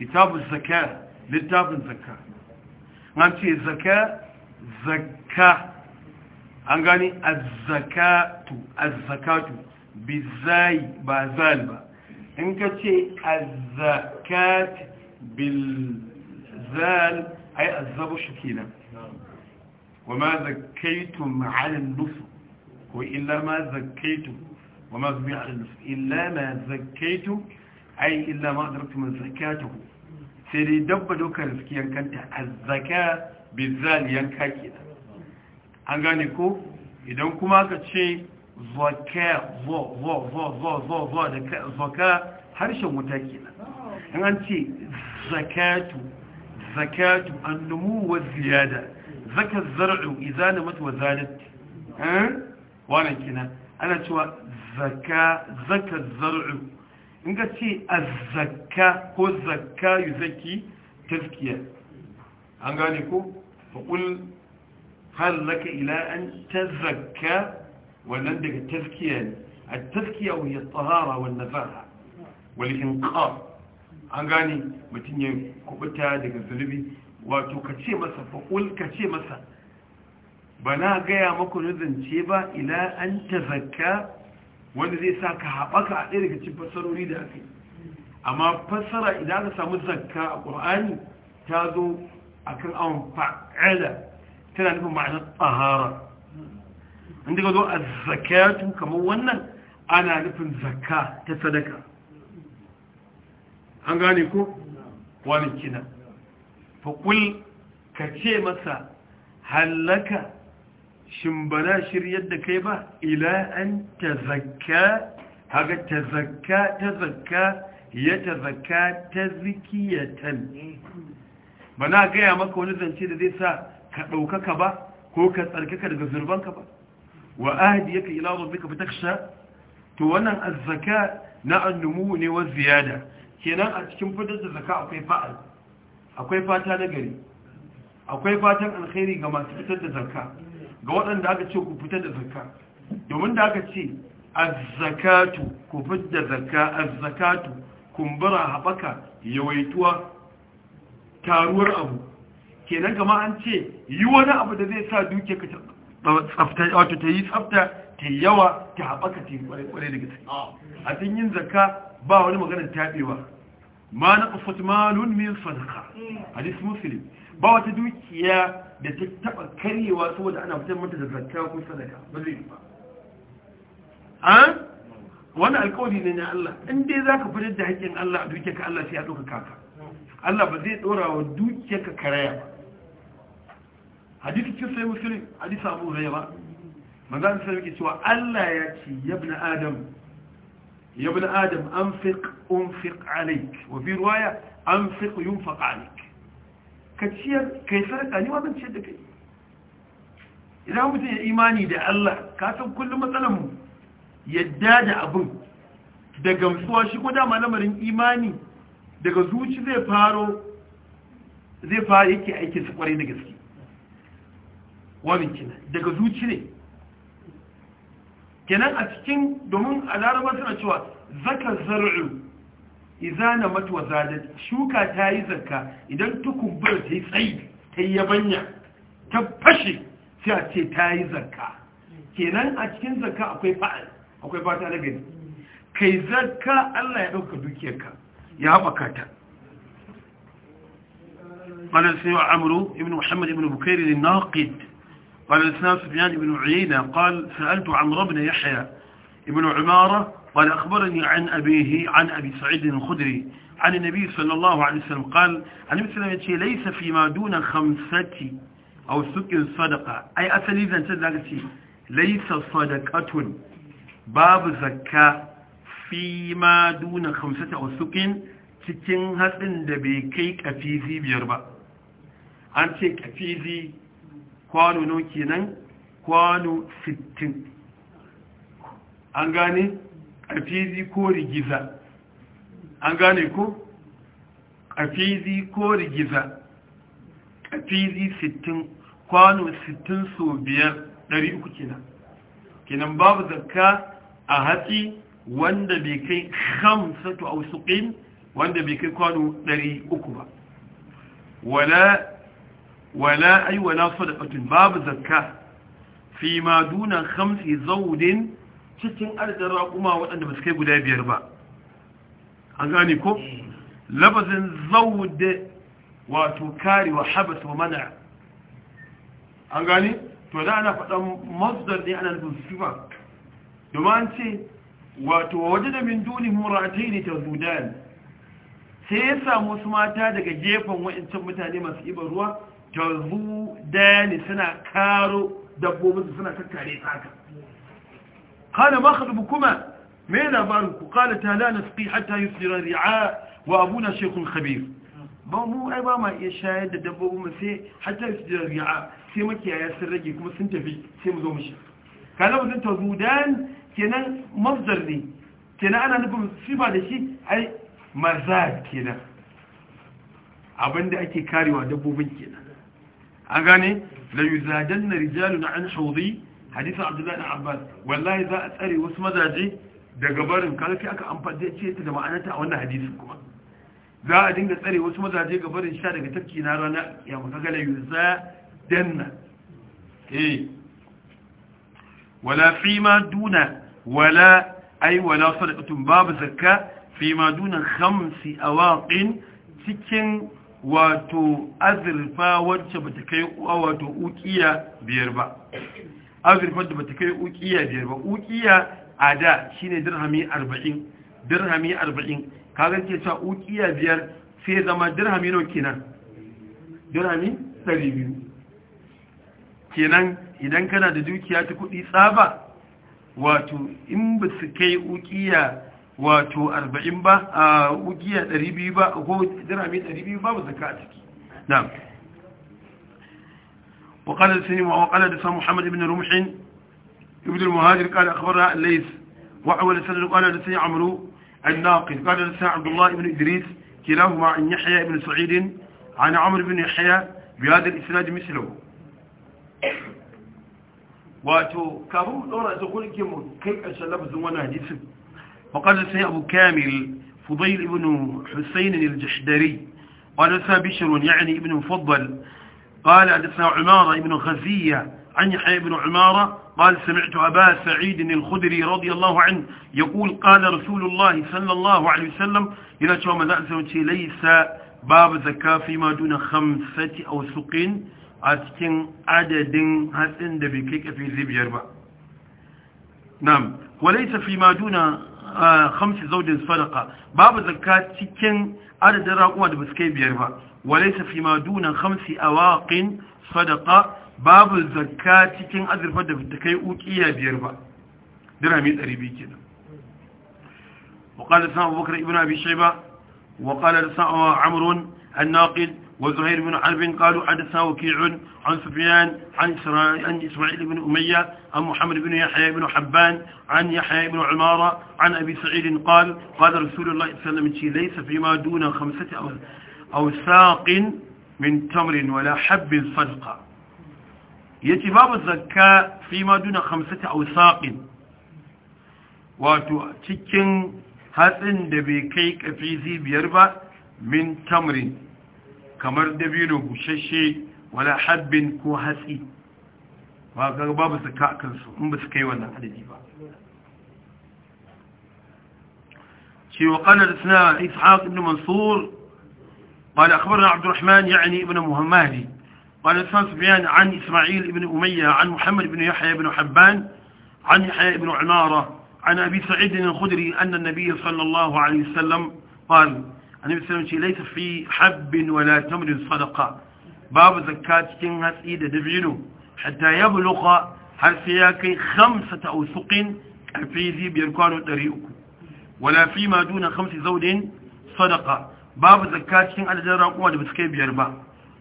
كتاب الزكاة لتاب الزكاة نمشي الزكاة زكاة أنغاني الزكاة الزكاة بالزاي بازال با. إنك تشي الزكاة بالزال أي الزبو شكينا وما زكيتم على النصر وإلا ما زكيتم وما زكيتم إلا ما زكيتم ai illa ma adraktum zakatuhu sai dai dabba dokar riskiyan kanta zaka bizal yanka kenan an gane ko idan kuma aka ce zaka zo zo zo zo zo zo da zaka harshen wuta kenan in an ce zakatu zakatu annumu wa ziyada zaka zar'u izana namat wa zadat eh wannan kenan ana cewa zaka zaka zar'u in ka ce azzakka ko zakka yi zaki taskiya. an gane ko faƙul hal laka ila an tazakka wannan daga taskiya ne a taskiya wa ya tsahara wa nazaha walikin ƙar an gane mutum ya kubuta daga zulubi wato ka ce masa faƙul ka ce masa ba na gaya maku zance ba ila an zakka. wanda zai sa ka haɓaka a ɗaya daga cikin fassarori da aka amma fassara idan aka samu zakka a ƙur'ani ta zo a kan awon fa'ada tana nufin ma'anar tsahara inda ka zo a zakatu kamar wannan ana nufin zakka ta sadaka an gane ko wani kina kul ka ce masa hallaka shin bana na shiryar da kai ba ila an tazakka haga tazakka tazakka ya ta tazkiyatan ba na gaya maka wani zance da zai sa ka ɗaukaka ba ko ka tsarkaka daga zurbanka ba wa ahadi yaka ila rabbika fataksha to wannan azzaka na annumu ne wa ziyada kenan a cikin fitar da zaka akwai fa'al akwai fata na gari akwai fatan alkhairi ga masu fitar da zakka ga waɗanda aka ce ku fita da zakka domin da aka ce azzakatu ku fita zakka azzakatu kumbura haɓaka yawaituwa taruwar abu kenan gama an ce yi wani abu da zai sa duke ka tsafta wato ta yi tsafta ta yawa ta haɓaka ta yi kwarai daga ta a cikin yin zakka ba wani magana taɓewa ma na ƙafat malun min sadaka hadis muslim ba wata dukiya da ta taba karyewa saboda ana fitar mata da zakka ko sadaka ba zai ba an wani alkawari ne na Allah in dai ka fitar da haƙƙin Allah a dukiyarka Allah sai ya ɗauka kaka Allah ba zai ɗora wa dukiyarka karaya ba hadisi cikin sai musulun hadisi abu zai ba manzan sai yake cewa Allah ya ce yabna adam yabna adam an anfiq unfiq alayk wa bi riwaya anfiq yunfaq alayk ka ciyar kai sarƙa ni ma ciyar da kai idan mutum ya imani da Allah ka san kullum matsalar mu yadda da abin da gamsuwa shi ko dama lamarin imani daga zuci zai faro zai fara yake aikin su kwarai da gaske wannan daga zuci ne kenan a cikin domin a laraba suna cewa zaka zar'u izana matuwa zadat shuka ta yi zakka idan ta kumbura ta yi tsayi ta yi yabanya ta fashe sai a ce ta yi zakka kenan a cikin zakka akwai fa'al akwai fata na gani kai zakka Allah ya ɗauka dukiyarka ya haɓaka ta قال السنة عمرو ابن محمد ابن بكير الناقد قال السنة سبيان ibn عيينة قال سألت عمرو بن يحيى ابن عمارة قال أخبرني عن أبيه عن أبي سعيد الخدري عن النبي صلى الله عليه وسلم قال عن النبي صلى الله عليه وسلم ليس فيما دون خمسة أو سكر صدقة أي أسلي إذا تذكرتي ليس صدقة باب زكاة فيما دون خمسة أو سكر cikin hatsin da bai kai kafizi biyar ba an ce kafizi kwano no kenan kwano 60 an gane ƙafizi ko rigiza an gane ko ƙafizi ko rigiza ƙafizi 60 kwano 60 so biyar uku kenan kenan babu zakka a hatsi wanda bai kai hamsatu a suƙin wanda bai kai kwano 300 ba wala wala ai wala sadaqatin babu zakka fi ma duna khamsi zawdin cikin adadin raƙuma waɗanda ba su kai guda biyar ba an gani ko labazin zaude wato kari wa habas wa mana an gani. to da ana faɗan mazdar ne ana nufin sifa domin an ce wato waje da min duni muratai ne ta zudan sai ya samu wasu mata daga gefen wa'incin mutane masu ibar ruwa ta zudan suna karo dabbobinsu suna kakkare tsaka قال ما خطبكما ما لابارك قالت لا نسقي حتى يصدر الرعاء وابونا شيخ خبير ba mu ai ba ma iya shayar da dabbobin mu sai hatta su jira ri'a sai makiyaya sun rage kuma sun tafi sai mu zo mu shi kana mutum tazudan kenan mafzar ne kenan ana nufin sifa da shi ai Maza kenan abinda ake karewa dabbobin kenan an gane la yuzadanna rijalun an hawdi hadisin abdullahi na abbas wallahi za a tsare wasu mazaje daga barin kaga aka amfani ce ta da ma'anata a wannan hadisin kuma za a dinga tsare wasu mazaje ga barin sha daga tafki na rana ya maka gala yuza danna eh wala fi ma duna wala ai wala sadaqatun babu zakka fi ma duna khamsi awaqin cikin wato azurfa wacce bata kai wato ukiya biyar ba azurfar da bata kai ukiya biyar ba ukiya a da shine dirhami arba'in. dirhami arba'in. Ka ke cewa ukiya biyar sai zama dirhami nawa kenan dirhami biyu. kenan idan kana da dukiya ta kudi tsaba wato in ba su kai ukiya wato arba'in ba a ukiya biyu ba ko dirhami biyu ba ba zaka a ciki na'am وقال السني وقال حدثنا محمد بن رمح يبدو المهاجر قال أخبرنا الليث وعول السنة قال حدثني عمرو الناقد قال حدثنا عبد الله بن إدريس كلاهما عن يحيى بن سعيد عن عمرو بن يحيى بهذا الإسناد مثله واتو kafin دورا تقول kulke mu kai ƙarshen lafazin وقال hadisin أبو كامل فضيل kamil حسين ibn قال al-jahdari wa nasa قال حدثنا عمارة بن خزية عن يحيى بن عمارة قال سمعت أبا سعيد الخدري رضي الله عنه يقول قال رسول الله صلى الله عليه وسلم إلى شوما ذات ليس باب زكاة فيما دون خمسة أو سقين أتكن عدد هسن دبكيك في ذي بجربة نعم وليس فيما دون آه، خمس زوج صدقة باب زكاة تكن عدد راقوة دبسكي بجربة وليس فيما دون خمس أواق صدقة باب الزكاة كن أذر فدى في التكيؤ إيا ديربا درامي الأريبي كده وقال لسان أبو بكر ابن أبي شيبة وقال لسان عمر الناقد وزهير بن حرب قالوا حدثنا وكيع عن سفيان عن إسماعيل بن أمية عن محمد بن يحيى بن حبان عن يحيى بن عمارة عن أبي سعيد قال قال رسول الله صلى الله عليه وسلم ليس فيما دون خمسة أوزار aw saqin min tamrin wala habbin sadqa yace babu zakka fi ma duna khamsati aw wato cikin hatsin da bai kai kafizi biyar ba min tamrin kamar dabino gushashe wala habbin ko hatsi ba ga babu zakka kansu in ba su kai wannan adadi ba شي وقال لسنا إسحاق بن منصور قال أخبرنا عبد الرحمن يعني ابن مهمهدي قال لسان سبيان عن إسماعيل بن أمية عن محمد بن يحيى بن حبان عن يحيى بن عمارة عن أبي سعيد الخدري أن النبي صلى الله عليه وسلم قال النبي صلى الله عليه وسلم ليس في حب ولا تمر صدقة باب زكاة كنها سيدة دبعينه حتى يبلغ هرسياكي خمسة أوسق في ذي بيركان ولا فيما دون خمس زود صدقة باب الزكاه شين عدد الرقوم اللي بتسكي بيار با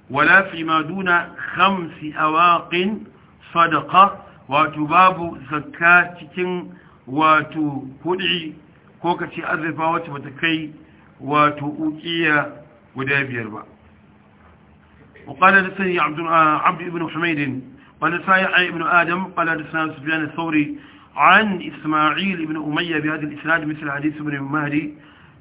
ولا فيما دون خمس اواق صدقه وتباب زكاه شين واتو كدعي كوكتي ارفا واتو بتكي واتو اوكيا ودا بيار با وقال لسني عبد آه، عبد ابن حميد قال سايع ابن ادم قال لسان سفيان الثوري عن اسماعيل ابن اميه بهذا الاسناد مثل حديث ابن مهدي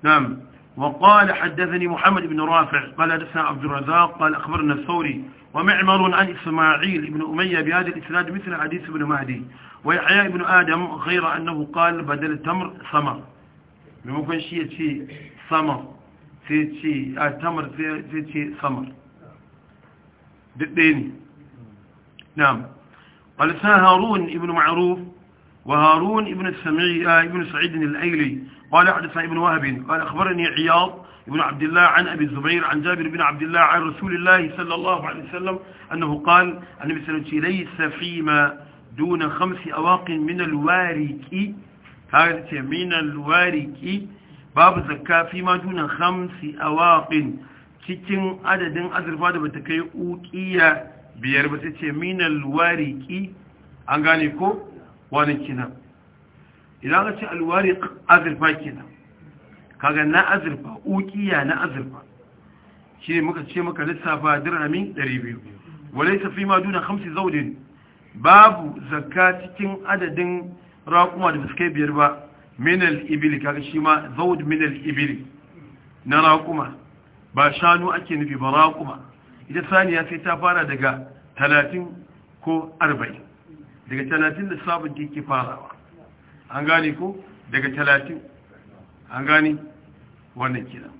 نعم وقال حدثني محمد بن رافع قال حدثنا عبد الرزاق قال أخبرنا الثوري ومعمر عن إسماعيل بن أمية بهذا الإسناد مثل حديث ابن مهدي ويحيى بن آدم غير أنه قال بدل التمر ثمر ممكن شيء شيء ثمر شيء شيء التمر آه، شيء شيء ثمر بالدين نعم قال هارون ابن معروف وهارون ابن السمعي ابن آه، سعيد الأيلي قال حدثنا ابن وهب قال أخبرني عياض بن عبد الله عن أبي الزبير عن جابر بن عبد الله عن رسول الله صلى الله عليه وسلم أنه قال النبي صلى الله عليه وسلم ليس فيما دون خمس أواق من الوارك هذا من الوارك باب زكاة فيما دون خمس أواق cikin adadin azurfa da bata kai ukiya biyar ba sai ce minal wariki an gane ko wani kinan idan ka ce alwari azurfa ke nan kaga na azurfa ukiya na azurfa shi ne muka ce maka lissafa dirhamin 200 walai fi ma duna 5 zaudin babu zakka cikin adadin raƙuma da suka biyar ba minal ibili kaga shi ma zaud minal ibili na raƙuma ba shanu ake nufi ba raƙuma ita saniya sai ta fara daga 30 ko 40 daga 30 da sabon ke farawa an gane ko daga talatin an gane wannan kina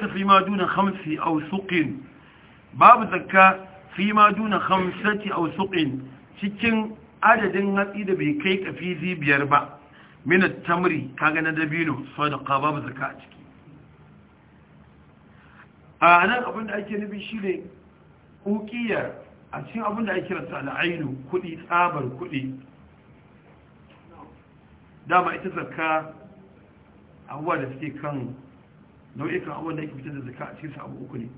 ta fi ma duna hamsi aw suqin babu zakka fi ma duna hamsati aw suqin cikin adadin hatsi da bai kai kafizi biyar ba min tamri kaga na dabino sadaqa babu zakka a ciki a nan abin da ake nufi shine ukiyar a cikin abin da ake rasa al'ainu kudi tsabar kudi dama ita zakka abuwa da suke kan nau'ikan abuwa da ake fitar da zakka a cikin abu uku ne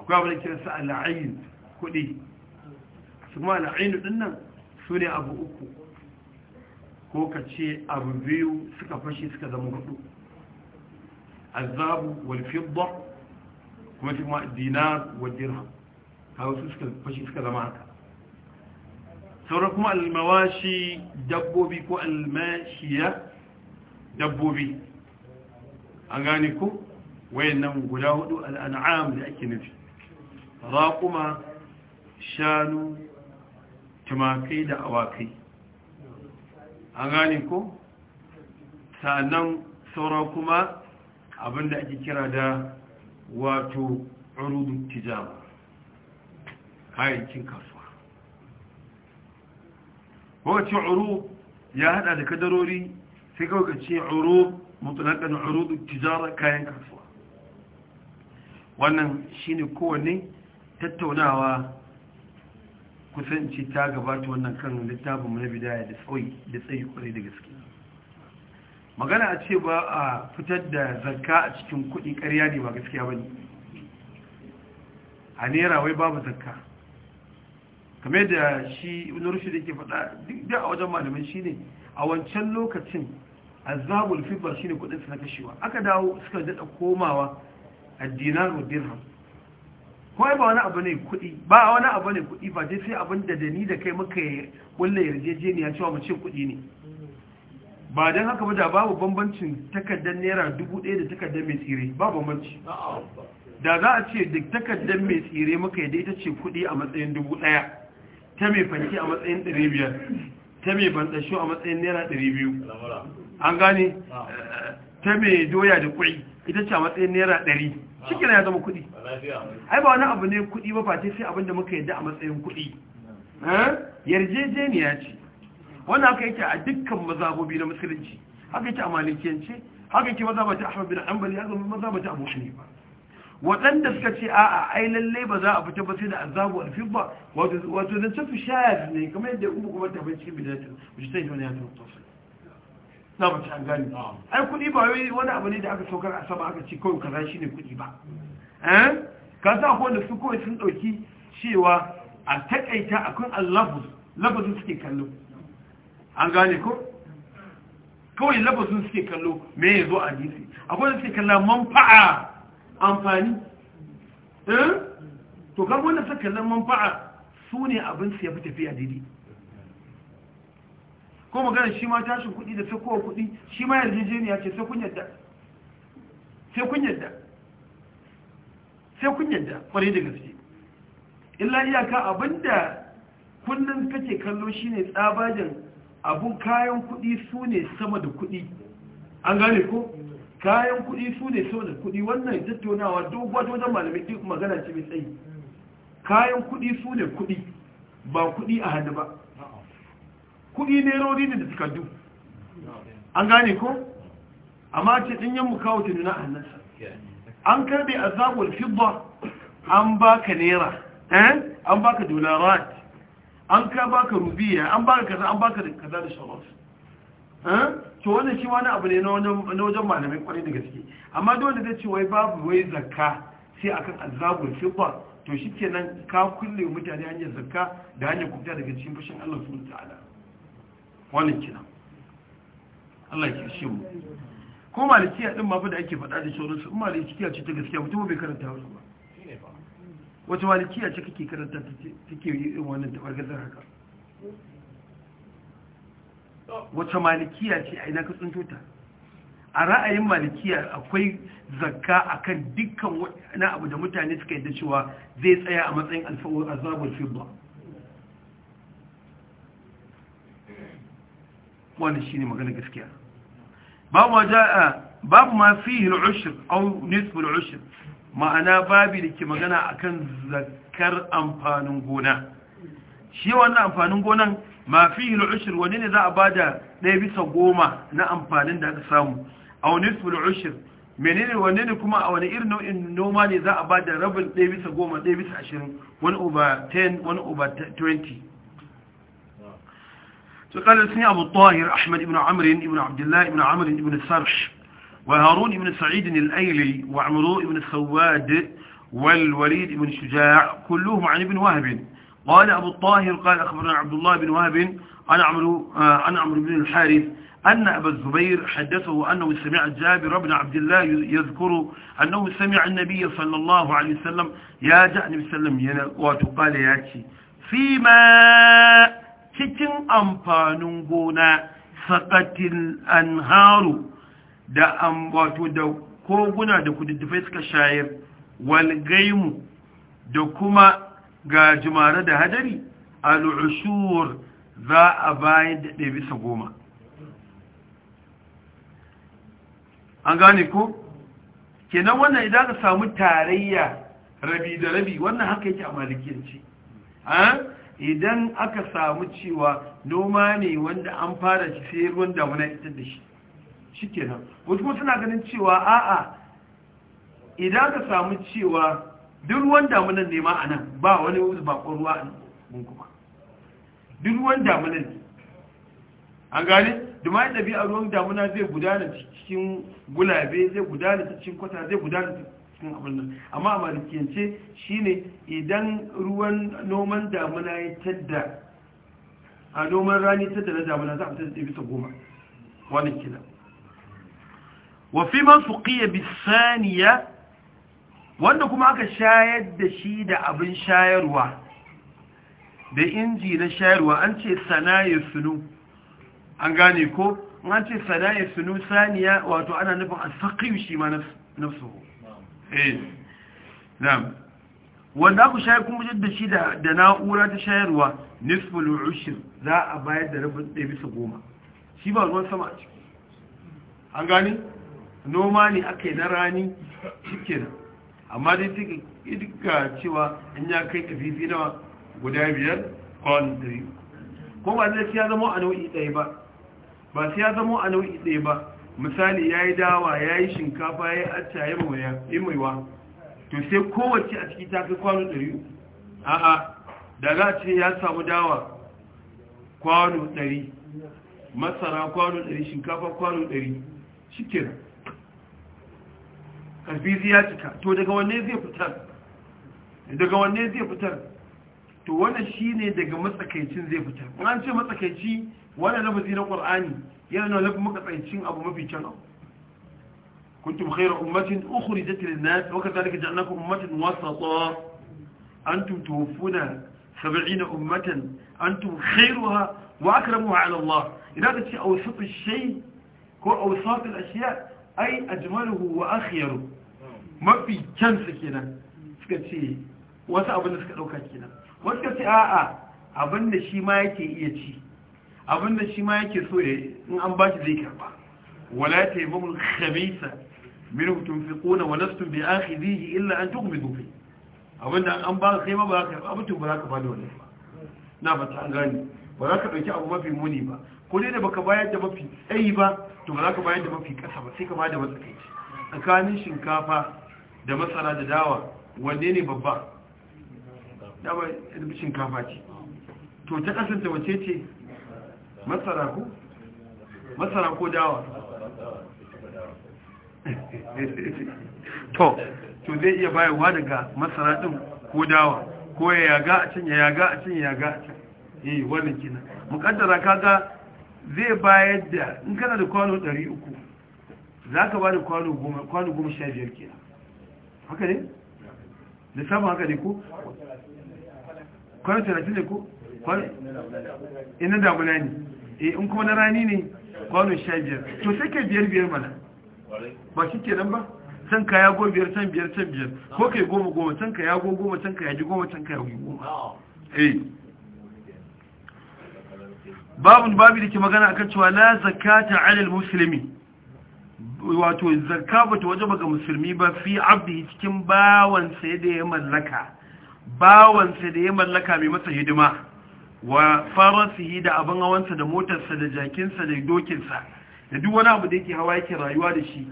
akwai abin da kira sa al'ayin kuɗi su ma al'ayin din nan su ne abu uku ko ka ce abu biyu suka fashe suka zama hudu azabu wal fidda kuma kuma dinar wal dirham kawo su suka fashe suka zama haka sauran kuma almawashi dabbobi ko almashiya dabbobi an gane ku nan guda hudu al'an'am da ake nufi raƙuma shanu tumakai da awakai an gane ku sannan sauran kuma abinda ake kira da wato urudun tijama kayayyakin kasuwa wace urub ya hada da kadarori sai kawai ka ce urub mutulakan urub tijara kayan kasuwa wannan shine kowanne tattaunawa kusanci ta gabata wannan kan littafin na bidaya da tsayi da tsayi kwarai da gaske magana a ce ba a fitar da zakka a cikin kuɗi karya ne ba gaskiya ba ne a naira wai babu zakka kamar da shi ibn rushd yake faɗa duk da a wajen malamin shine a wancan lokacin azabul fitr shine kudin sa na kashewa aka dawo suka dada komawa ad-dinar wa dirham kawai ba wani abu ne kudi ba wani abu ne kudi ba dai sai abin da dani da kai muka kullu yarjejeniya cewa mu ce kudi ne ba dan haka ba da babu bambancin takardar naira 1000 da takardar mai tsire ba bambanci da za a ce duk takardar mai tsire muka yi da ita ce kudi a matsayin 1000 ta mai fanki a matsayin 500 ta mai bandasho a matsayin naira 200 an gane ta mai doya da kuɗi ita ce a matsayin naira 100 shi ya zama kuɗi ai ba wani abu ne kuɗi ba face sai abinda da muka yadda a matsayin kuɗi eh? yarjejeniya ce wani haka yake a dukkan mazabobi na musulunci haka yake a malikiyance haka yake mazabata ahmad bin hanbali haka mazabata abu ba waɗanda suka ce a'a ai lalle ba za a fita ba sai da azabu alfin wato da tafi shayar ne kamar yadda umu kuma ta bai cikin bidatin wuce sai wani ya tafi tafsir na ba ta gani ai kuɗi ba wai wani abu ne da aka saukar a sama aka ce kawai kaza shine kuɗi ba eh ka sa ko da su kawai sun dauki cewa a takaita akan Allah lafazin suke kallo an gane ko kawai lafazin suke kallo me yazo a hadisi akwai da suke kalla manfa'a amfani eh? to kan wanda suka zan manfa'a su ne abin su ya fi tafiya daidai ko magana shi ma tashin kuɗi da sakowa kuɗi shi ma yarjejeniya ce sai kun yadda sai kun yadda sai kun yadda kwarai da gaske illa iyaka abinda kullum kake kallo shine tsabajin abun kayan kuɗi su ne sama da kuɗi an gane ko kayan kuɗi su ne so da kuɗi wannan tattaunawa duk wata wajen malamin ɗin magana ce mai tsayi kayan kuɗi su ne kuɗi ba kuɗi a hannu ba kuɗi ne rori ne da takardu an gane ko amma ce ɗin yan kawo ta nuna a hannunsa an karbe a zagon fibba an baka naira eh? an baka dolarat an ka baka rubiya an baka kaza an baka kaza da shawarsu to wannan shi wani abu ne na wajen malamai kwarai da gaske amma da wanda zai ce wai babu wai zakka sai akan azabul fibba to shi nan ka kulle mutane hanyar zakka da hanyar kubuta daga cikin fashin Allah subhanahu ta'ala wannan kina Allah ya shi mu ko malikiya din mafi fa da ake faɗa da shauransu in ya ce ta gaskiya mutum bai karanta wasu ba wata ya ce kake karanta take yin wannan gazar haka wacce malikiya ce a ina ka tsinto ta a ra'ayin malikiya akwai zakka akan dukkan wani abu da mutane suka da cewa zai tsaya a matsayin alfawar azabar fibba wani shi ne magana gaskiya babu ma ja'a babu ma fihi al'ushr au nisbul ushir ma'ana babu da ke magana akan zakkar amfanin gona shi wannan amfanin gonan ma fihi al-ushr wani ne za a bada ɗaya bisa goma na amfanin da aka samu aw nisfu al-ushr menene wani ne kuma a wani irin nau'in noma ne za a bada rabin ɗaya bisa goma ɗaya bisa ashirin wani over 10 wani over 20 فقال لسني أبو الطاهر أحمد بن عمرو بن عبد الله بن عمرو بن سرش وهارون بن سعيد الأيلي وعمرو بن سواد والوليد بن شجاع كلهم عن ابن وهب قال أبو الطاهر قال أخبرنا عبد الله بن وهب عن عمرو آه، عمرو بن الحارث أن أبا الزبير حدثه أنه سمع جابر بن عبد الله يذكر أنه سمع النبي صلى الله عليه وسلم يا جاء النبي صلى الله عليه وسلم قال ياتي فيما تتن أنفانون سقط الأنهار دا da دا كوبنا دا da kududdufai الشاعر والقيم دا كما ga jumare da hadari al'ushur za a bayar da ɗabi sa goma an gane ko kenan wannan idan ka samu tarayya rabi da rabi wannan haka yake a malikiyanci idan aka samu cewa noma ne wanda an fara shi sai ruwan damuna ita da shi shi kenan wasu kuma suna ganin cewa a'a idan ka samu cewa duk ruwan damunan ne ma a nan ba wani bakon ruwa a mun kuma duk ruwan damunan ne an gane duma yadda bi a ruwan damuna zai gudana cikin gulabe zai gudana cikin kwata zai gudana cikin abin nan amma a malikiyance shine idan ruwan noman damuna ya tadda a noman rani tadda na damuna za a fitar da bisa goma wannan kila wa fi man suqiya bisaniya wanda kuma aka shayar da shi da abin shayarwa da inji na shayarwa an ce sanaye sunu an gane ko an ce sanaye sunu saniya wato ana nufin a saƙiyu shi ma na nafsu eh. wanda aka shayar kuma jid da shi da na'ura ta shayarwa nisful ushir za a bayar da rabin ɗaya bisa goma shi ba ruwan sama a ciki an gane noma ne aka yi na rani shi kenan amma dai ta idika cewa in ya kai kafifi nawa guda biyar kwan dari ko ba zai ya zama a nau'i ɗaya ba ba sai ya zama a nau'i ɗaya ba misali ya yi dawa ya yi shinkafa ya yi acca ya yi maiwa to sai kowace a ciki ta kai kwano ɗari a'a da za a ce ya samu dawa kwano ɗari masara kwano ɗari shinkafa kwano ɗari shi karfi ya cika to daga wanne zai fitar daga wanne zai fitar to wannan shine daga matsakaicin zai fitar in an ce matsakaici wannan lafazi na qur'ani yana nuna lafazin matsakaicin abu mafi kyan abu kuntum khayra ummatin ukhrijat lin-nas wa kadhalika ja'alnakum ummatan wasata antum tuwfuna 70 ummatan antum khayruha wa akramuha 'ala Allah idan ka ce awsat ash-shay ko awsat al-ashya ai ajmaluhu wa akhyaru mafi kyansa kenan suka ce wasu abin da suka dauka kenan wasu ka ce a'a abin da shi ma yake iya ci abin da shi ma yake so ya in an ba shi zai karba wala taymul khabisa min minhu tunfiquna wa lastum bi akhidhihi illa an tughmidu fi abin da an ba kai ma ba ka karba abin ba za ka ba da wannan ba na ba ta gani ba za ka dauki abu mafi muni ba ko dai da baka bayar da mafi ɗayi ba to ba za ka bayar da mafi ƙasa ba sai ka bayar da matsakaici tsakanin shinkafa da masara da dawa wanne ne babba dawa shinkafa ce to ta kasance wace ce masara ko masara ko dawa to to zai iya bayarwa daga masara ɗin ko dawa ko ya yaga a can ya yaga a can ya yaga a can eh wannan kenan mukaddara kaga zai bayar da in kana da kwano 300 za ka ba da kwano 15 kenan haka ne? da samun haka ne ko? kwano 30 ne ko? ina damuna ne eh in kuma na rani ne kwano 15 to sai ka biyar biyar mana ba shi nan ba can ka yago biyar can biyar can biyar ko kai goma goma can ka yago goma can ka yaji goma can ka yago goma eh. babun babu da ke magana akan cewa la zakata alal musulmi wato zakka bata wajaba ga musulmi ba fi abdi cikin bawan sai da ya mallaka bawan da ya mallaka mai masa hidima wa farasihi da abin hawansa da motarsa da jakinsa da dokinsa da duk wani abu da yake hawa yake rayuwa da shi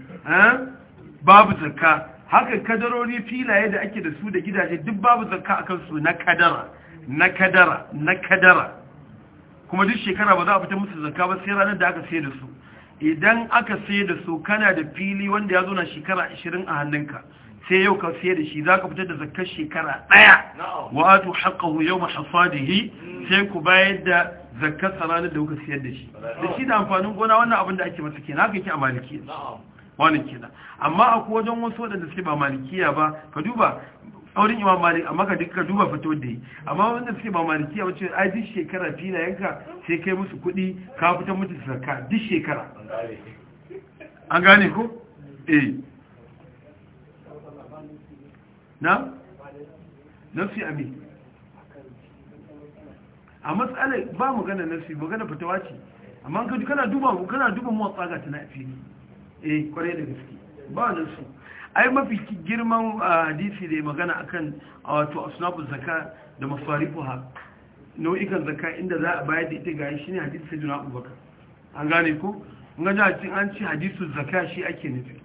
babu zakka haka kadarori filaye da ake da su da gidaje duk babu zakka akan su na kadara na kadara na kadara kuma duk shekara ba za a fita musu zakka ba sai ranar da aka sayar da su idan aka sayar da su kana da fili wanda ya zo na shekara 20 a hannunka sai yau ka sayar da shi za ka fitar da zakkar shekara ɗaya wa atu haqqahu yawma hasadihi hmm. sai ku bayar da zakkar ranar da kuka sayar da shi da shi da amfanin gona wannan abin da ake masa kenan haka yake a maliki wannan kenan amma akwai wajen wasu waɗanda suke ba malikiya ba ka duba aurin imam malik amma ka duka duba fito da yi amma wanda suke ba maliki a wacce ai duk shekara filayenka sai kai musu kuɗi ka fitar mutu sarka duk shekara an gane ko eh na nafsi ami a matsala ba mu magana nafsi gana fitowa ce amma kana duba kana duba mu tsaga ta na fili eh kwarai da gaske ba nafsi ai mafi girman ah, hadisi da ya magana akan ah, wato asnaful zakka da masarifuha nau'ikan zakka inda za a bayar da ita ga shi ne hadisi sayyidina abubakar an gane ko an gane an ci hadisu zakka shi ake nufi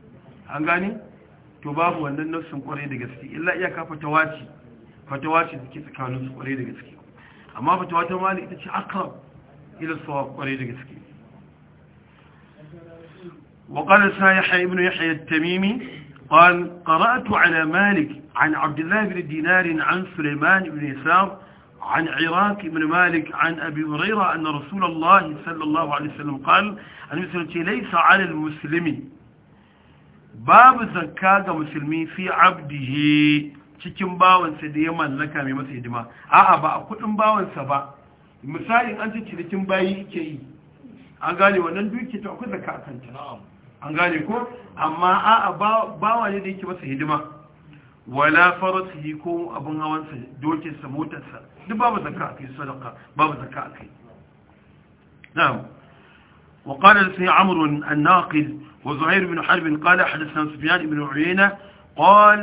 an gane to babu wannan nassin kwarai da gaske illa iyaka fatawa ce fatawa ce da ke tsakanin su kwarai da gaske amma fatawa ta mali ita ce akrab ila sawab kwarai da gaske وقال سايح ابن يحيى التميمي قال قرأت على مالك عن عبد الله بن دينار عن سليمان بن يسار عن عراك بن مالك عن أبي هريرة أن رسول الله صلى الله عليه وسلم قال المسلم ليس على المسلم باب زكاة مسلمي في عبده cikin bawansa da ya mallaka mai masa hidima a'a ba a kudin bawansa ba misali an ci كي bayi yake yi an gane an gane ko amma a'a bawa ne da yake masa hidima wala farasihi ko abun hawansa dokinsa motarsa duk babu zakka akai sadaka babu zakka akai na'am wa qala fi amr an عمرو wa zuhair ibn harb qala حدثنا sufyan ibn uyayna قال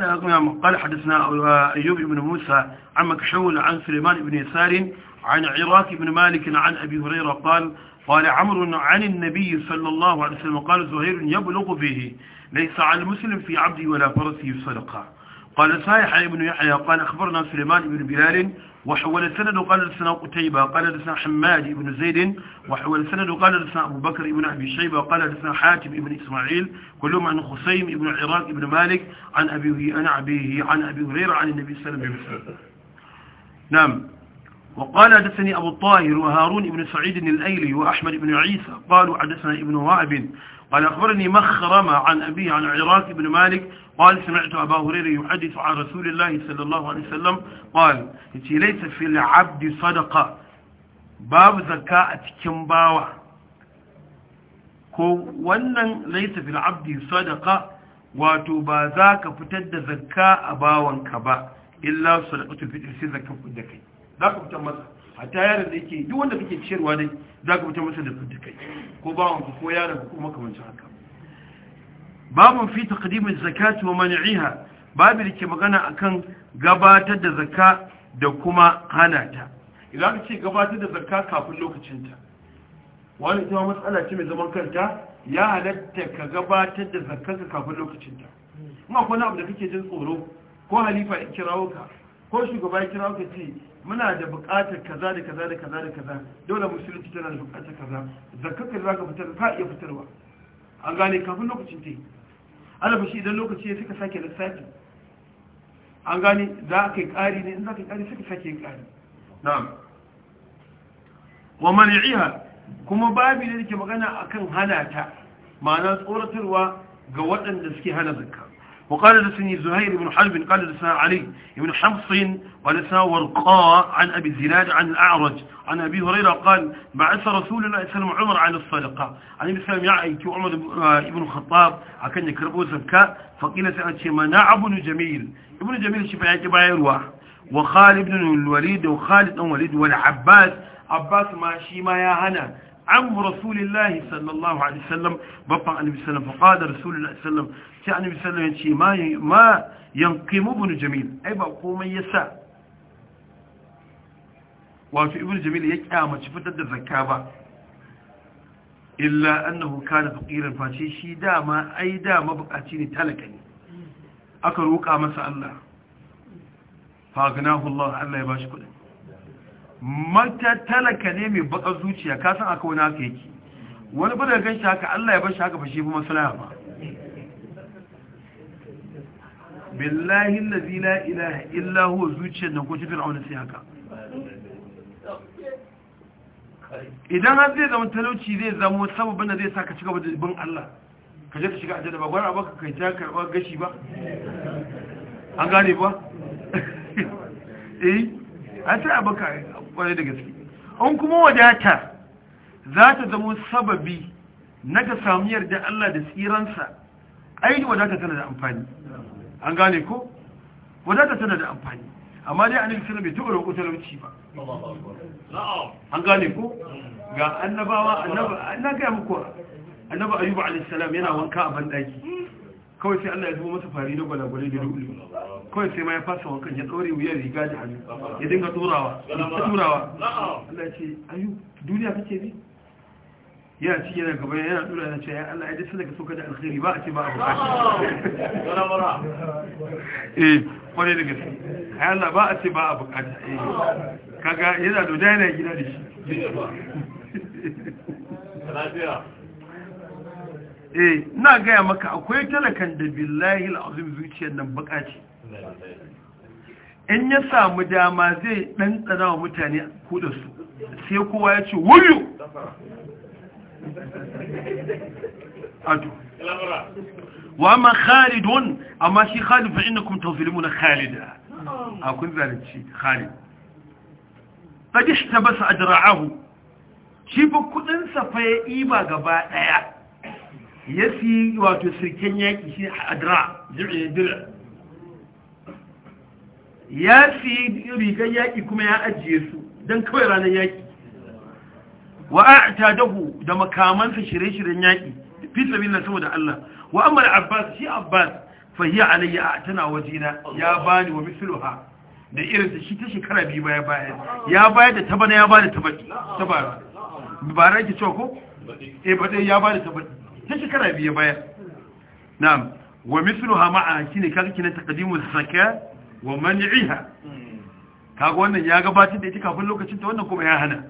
قال حدثنا أيوب بن موسى عن مكحول عن سليمان بن يسار عن عراك بن مالك عن أبي هريرة قال قال عمرو عن النبي صلى الله عليه وسلم قال زهير يبلغ به ليس على المسلم في عبده ولا فرسه صدقة قال صالح ابن يحيى قال أخبرنا سليمان بن بلال وحول السند قال لسنا قتيبة قال لسنا حماد بن زيد وحول السند قال لسنا أبو بكر بن أبي شيبة قال لسنا حاتم بن إسماعيل كلهم عن خصيم بن عراق بن مالك عن أبيه أبيه عن أبي هريرة عن النبي صلى الله عليه وسلم نعم وقال حدثني أبو الطاهر وهارون بن سعيد الأيلي وأحمد بن عيسى قالوا حدثنا ابن وهب قال أخبرني مخرم عن أبيه عن عراك بن مالك قال سمعت أبا هريرة يحدث عن رسول الله صلى الله عليه وسلم قال ليس في العبد صدقة باب زكاة كمباوة كو ونن ليس في العبد صدقة واتوبا ذاك فتد زكاة باوان كبا إلا صدقة في ba illa sadaqatul za ka fitar masa hatta yaron da yake duk wanda kake ciyarwa dai za ka fitar masa da kai. ko bawan ku ko yaron ku ko makamancin haka babun fi taqdimin zakati wa man'iha babu da ke magana akan gabatar da zakka da kuma hana ta idan ka ce gabatar da zakka kafin lokacinta Wannan ita matsala ce mai zaman kanta ya halatta ka gabatar da zakkanka kafin lokacinta kuma akwai wani abu da kake jin tsoro ko halifa ya kirawo ka ko shugaba ya kirawo ka ce muna da buƙatar kaza da kaza da kaza da kaza dole musulunci tana da buƙatar kaza zakakar za ka fitar ka iya fitarwa an gane kafin lokacin ta yi shi idan lokaci ya suka sake lissafi an gane za ka yi ƙari ne in za ka yi ƙari suka sake yi ƙari na'am wa mani'iha kuma babi ne da ke magana akan hana ta ma'ana tsoratarwa ga waɗanda suke hana zakka وقال لسني زهير بن حرب قال لسنا علي بن حفص ولسنا ورقاء عن أبي الزناد عن الأعرج عن أبي هريرة قال بعث رسول الله صلى الله عليه وسلم على الصدقة عن أبي سلم الله عليه عمر بن آه، الخطاب عكني يكربه زكاة فقيل سألت مناع ابن جميل ابن جميل شفاعة يرواح وخالد بن الوليد وخالد بن الوليد والعباس عباس ما شي ما يا هنا عم رسول الله صلى الله عليه وسلم بطن النبي صلى الله عليه وسلم رسول الله صلى الله عليه وسلم كان ما ما ينقم ابن جميل يسا ya kyamaci fitar da zakka ba illa annahu kana faqiran face shi dama ai dama bukaci ne talaka ne aka roka masa Allah fa ganahu Allah ya bashi talaka ne mai baka zuciya ka san aka wani aka yake wani ba da gan shi haka Allah ya bar shi haka fashe fi maslaha ba billahi allazi la ilaha illa huwa zuciyar nan ko ta fir'auna sai haka idan har zai zama talauci zai zama sabu bane zai sa ka cika da bin Allah ka je ka shiga aljanna ba gwara abokan kai ta karɓar gashi ba an gane ba eh a ta abaka kwarai da gaske an kuma wadata za ta zama sababi na ka samu yarda Allah da tsiransa aiki wadata tana da amfani an gane ko wadata tana da amfani amma dai anil sallallahu bai taɓa roƙo talauci ba an gane ko ga annabawa annaba na ga muku annabi ayyuba alayhi salam yana wanka a bandaki kawai sai Allah ya zubo masa fari na gwalagwale da kawai sai ma ya fasa wankan ya ɗaure wuyar riga da hannu ya dinga turawa ya turawa Allah ya ce ayu duniya kake bi yana ci yana gaba yana tura yana ce Allah ya dace daga soka da alkhairi ba a ce ba a bukata wala mara. eh kwarai da gaske ai Allah ba a ce ba a bukata eh kaga yana doja yana gida da shi eh ina gaya maka akwai talakan da billahi al'azim zuciyar nan baka ce in ya samu dama zai dan tsada wa mutane kuda su sai kowa ya ce wuyu ado wa ma khalidun amma shi khalid fa innakum tawfilimuna khalida a kun zalunci khalid qad ihtabasa adra'ahu shi ba kudin sa fa ya iba gaba daya ya fi wato sirken yaƙi shi adra jira ya fi rigar yaƙi kuma ya ajiye su don kawai ranar yaƙi wa a ta dahu da makamansa shirye-shiryen yaƙi fi sabin na saboda Allah wa amma abbas shi abbas fahiyya alayya a tana wajena ya bani wa misluha da irinsa shi ta shekara biyu baya ya baya da tabana ya bada tabaki Bara ba ra ki cewa ko eh, ba ya bada tabaki ta shekara biyu baya na'am wa mithluha ma'a shine kaga kina taqdimu zakka wa man'iha kaga wannan ya gabatar da ita kafin lokacin ta wannan kuma ya hana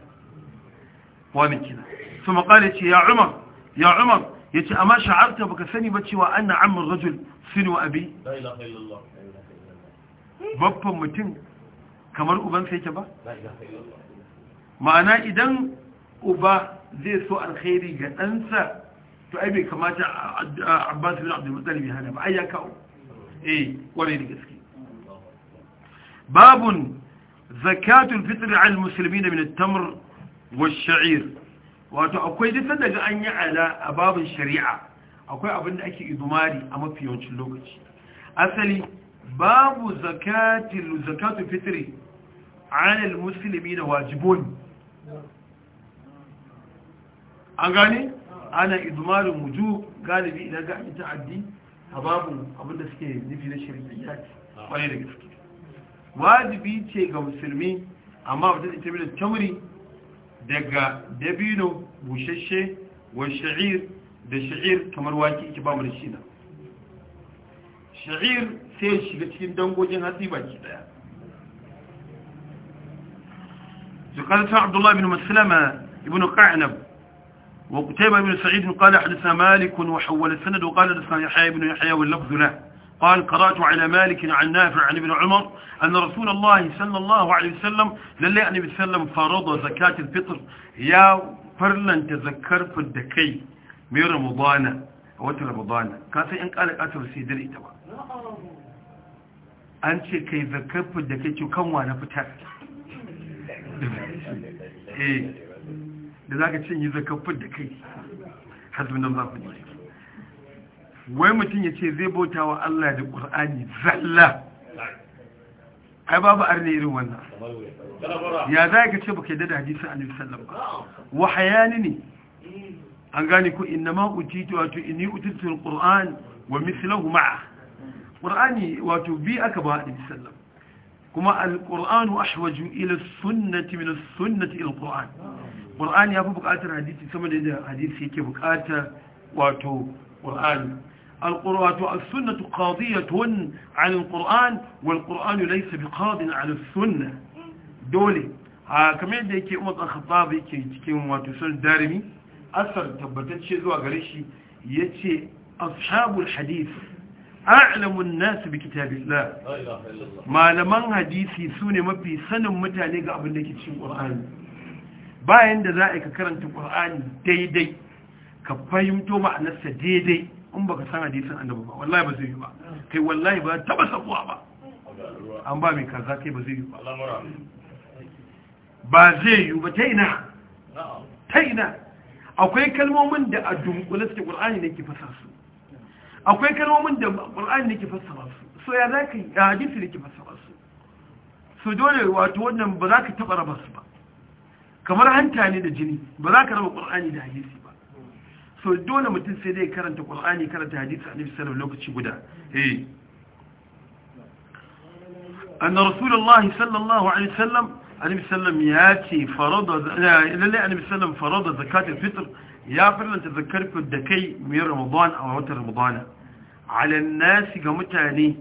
wannan kina su maqala ce ya umar ya umar yace amma sha'arta baka sani ba cewa anna amman rajul sinu abi la ilaha illallah babban mutum kamar ubansa yake ba ma'ana idan uba zai so alkhairi ga ɗansa to ai bai kamata a abbas bin abdul muttalib ya hana ba ai ya kawo eh kwarai da gaske babun zakatul fitr al muslimin min at-tamr wash-sha'ir wato akwai duk daga an yi ala a babin shari'a akwai abin da ake idumari a mafi yawancin lokaci asali babu zakatul zakatul fitr ala da muslimin wajibun an gane ana izmarin wuju galibi idan ga amince addi a babu abinda suke nufi na shirki ya da gaske wajibi ce ga musulmi amma ba ta ita da tauri daga dabino bushashe wa sha'ir da sha'ir kamar waki ke ba mu da na. sha'ir sai shiga cikin dangogin hatsi baki daya zukarta abdullahi bin musulama ibn qa'nab وقتيبة بن سعيد قال حدثنا مالك وحول السند وقال حدثنا يحيى بن يحيى واللفظ له قال قرأت على مالك عن نافع عن ابن عمر أن رسول الله صلى الله عليه وسلم للي أن وسلم فرض زكاة الفطر يا فرلا تذكر في الدكي من رمضان أوت رمضان كان san yan kala katar sai dare ita ba an ce kai zakafin da kai da za ka cinye zakafin da kai za ku zafi wai mutum ya ce zai bauta wa Allah da ƙur'ani zalla ai babu arne irin wannan ya za ka ce baka yadda da hadisun annabi sallam ba wa hayani ne an gane ku inna ma utitu wato inni utitu alquran wa mithluhu ma'a qur'ani wato bi aka ba annabi sallam kuma alquranu ahwaju ila sunnati min as-sunnati ila alquran ƙur'ani ya fi buƙatar hadisi sama da yadda hadisi yake buƙatar wato ƙur'ani wato al-sunna qadiyatun 'ala al wal-qur'an laysa biqadin 'ala as-sunna dole kamar yadda yake Umar al-Khattab yake cikin wato sunan darimi asar tabbatacce zuwa gare shi yace ashabul hadith a'lamun nasu bi kitabillah malaman hadisi sune mafi sanin mutane ga abin da ke cikin ƙur'ani. bayan da za a ka karanta ƙwar'ani daidai ka fahimto ma'anarsa daidai in baka san hadisun annabi ba wallahi ba zai yi ba kai wallahi ba taba sabuwa ba an ba mai kaza kai ba zai yi ba ba zai yi ba ta ina ta ina akwai kalmomin da a dunkule suke ƙwar'ani ne ke fasa su akwai kalmomin da ƙwar'ani ne ke fasa su so ya za ka yi hadisi ne ke fasa su so dole wato wannan ba za ka taɓa raba su ba kamar hanta ne da jini ba za ka raba ƙwar'ani da hadisi ba so dole mutum sai dai karanta ƙwar'ani karanta hadisi a nufisar lokaci guda eh. annar rasulullahi sallallahu alisallam a nufisallam ya ce faro da zakatun fitr ya firlanta zakar da kai mai ramadan a watan ramadana alin nasi ga mutane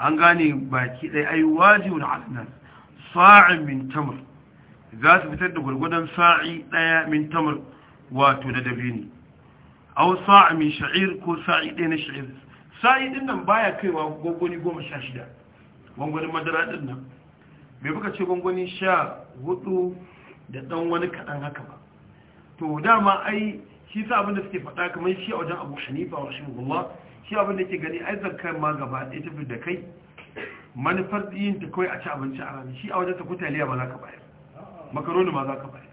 an gane baki ɗai ai wajen wani asinan sa'in min za su fitar da gwargwadon sa'i ɗaya min tamar wato da dabini au sa'a min sha'ir ko sa'i ɗaya na sha'ir sa'i ɗin nan baya kaiwa gwangwani goma sha shida gwangwani madara ɗin nan bai buka ce gwangwani sha hudu da ɗan wani kaɗan haka ba to dama ai shi sa abin da suke faɗa kamar shi a wajen abu hanifa wa shi shi abin da ke gani ai zakar ma gaba ɗaya tafi da kai manufar yin ta kawai a ci abinci a rami shi a wajen ta kutaliya ba za ka bayar makaroni ma za ka bayar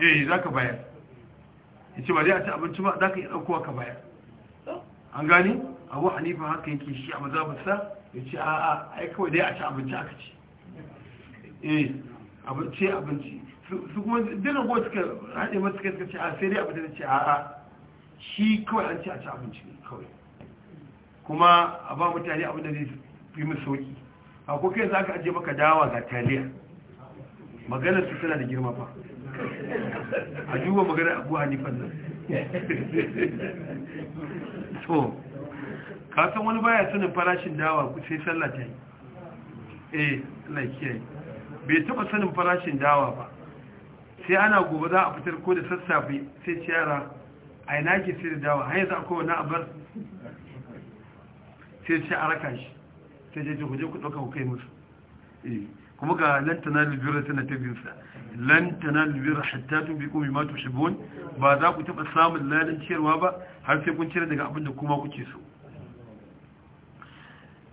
eh za ka bayar ya ce ba dai a ci abinci ba za ka yi ɗaukowa ka bayar an gani abu hanifa haka yake shi a mazabarsa ya ce a a ai kawai dai a ci abinci aka ci eh abinci abinci su kuma dina gowa suka haɗe masu suka ce a sai dai abinci da ce a a shi kawai an ci a ci abinci kawai kuma a ba mutane abin da zai fi musu sauki a kokai za ka ajiye maka dawa ga taliya maganar su tana da girma fa a duba maganar abu hanifan nan so kasan wani baya sanin farashin dawa sai sallah ta yi eh laikiyar bai taba sanin farashin dawa ba sai ana gobe za a fitar ko da sassafe sai ciyara a yana ke sai da dawa hanyar za a kowane abar sai ce a raka shi sai jeji je ku ɗauka ku kai musu eh. kuma ga lan tanalu tana ta biyu lan tanalu birra hatta ba za ku taba samun lalin ciyarwa ba har sai kun cire daga abin da kuma kuke so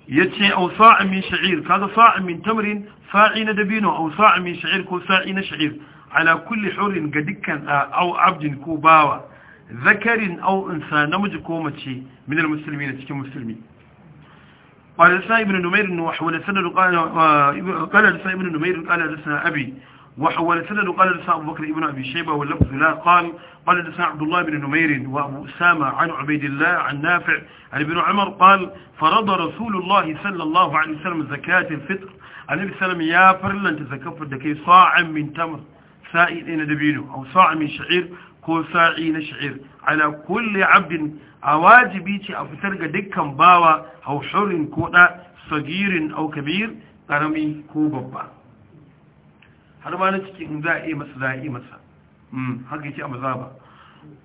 yace au sa'a min sha'ir kaga sa'a min tamarin sa'i na dabino au sa'a min sha'ir ko sa'i na sha'ir ala kulli hurin ga dukkan au abdin ko bawa zakarin au insa namiji ko mace musulmi na cikin musulmi قال لسنا ابن نمير وحول السند قال آه، قال لسنا ابن نمير قال لسنا أبي وحول السند قال لسنا أبو بكر ابن أبي شيبة واللفظ لا قال قال لسنا عبد الله بن نمير وأبو أسامة عن عبيد الله عن نافع عن ابن عمر قال فرض رسول الله صلى الله عليه وسلم زكاة الفطر عن ابن سلم يا وسلم يا فرلن تزكفر دكي صاع من تمر سائل إن دبينه أو صاع من شعير كو ساعين شعير على كل عبد a wajibi ce a fitar ga dukkan bawa haushurin ko da sagirin au kabir karami ko babba har ma na cikin za a yi masa za a yi masa hmm, haka yake a mazaba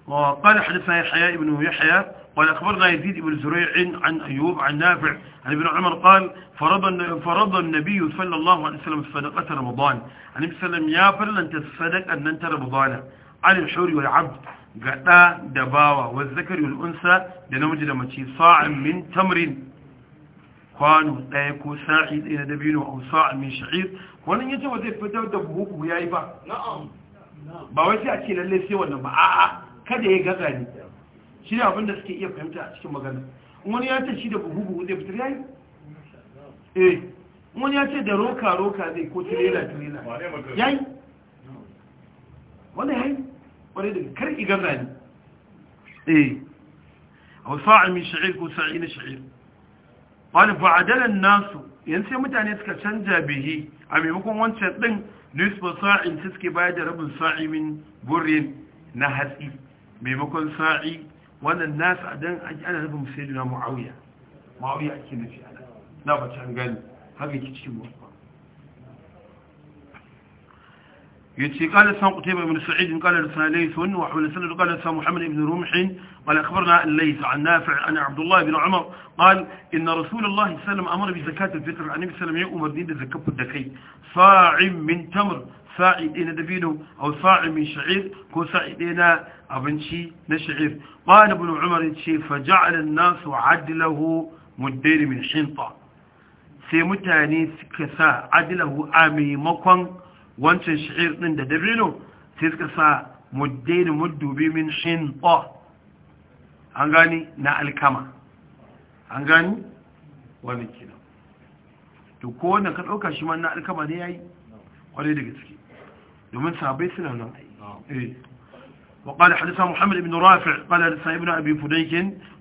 وقال حدثنا يحيى بن يحيى قال أخبرنا يزيد بن زريع عن أيوب عن نافع عن ابن عمر قال فرض, النبي صلى الله عليه وسلم صدقة رمضان عن ابن سلم يافر لن تصدق أن أنت رمضان عن الحور والعبد Gada da bawa wasu zakari ul'unsa da namiji da mace sa'an min tamrin kwano ɗaya ko sa'i ɗaya na dabino a sa'an min sha'ir wannan yace ba zai fitar da buhu ya yi ba ba wai sai a ce lalle sai wannan ba a'a kada ya gaza ne shi ne abinda suke iya fahimta a cikin magana wani ya ce shi da buhu buhu zai fitar ya yi eh wani ya ce da roka roka zai ko tirela tirela ya yi wannan ya yi kwarai daga kar igar rani eh aw sa'a min sha'ir ko sa'i na sha'ir qala fa'adala an-nasu yan sai mutane suka canja bihi a maimakon wancan din nisba sa'in sai suke bayar da rabin sa'i min burin na hatsi maimakon sa'i wannan nasu a dan ana rabin nufin sayyidina muawiya muawiya ake nufi ana na ba ta gani haka yake cikin wasu يتي قال لسان قتيبة بن سعيد قال لسان ليث وحول السند قال لسان محمد بن رمح قال أخبرنا الليث عن نافع عن عبد الله بن عمر قال إن رسول الله صلى الله عليه وسلم أمر بزكاة الفطر عن النبي صلى الله عليه وسلم يؤمر دين بزكاة الدكي صاع من تمر صاع دين دبينه أو صاع من شعير كو صاع دين أبنشي نشعير قال ابن عمر فجعل الناس عدله مدير من حنطة سيمتاني سكسا عدله أمي مقوان wancan shi'ir ɗin da dabino sai suka sa muddaini muddubi min shin o an gani na alkama an gani wani kina to ko wanda ka ɗauka shi ma na alkama ne ya yi kwarai daga ciki domin sabai suna nan eh وقال حدثنا محمد بن رافع قال حدثنا ابن أبي فديك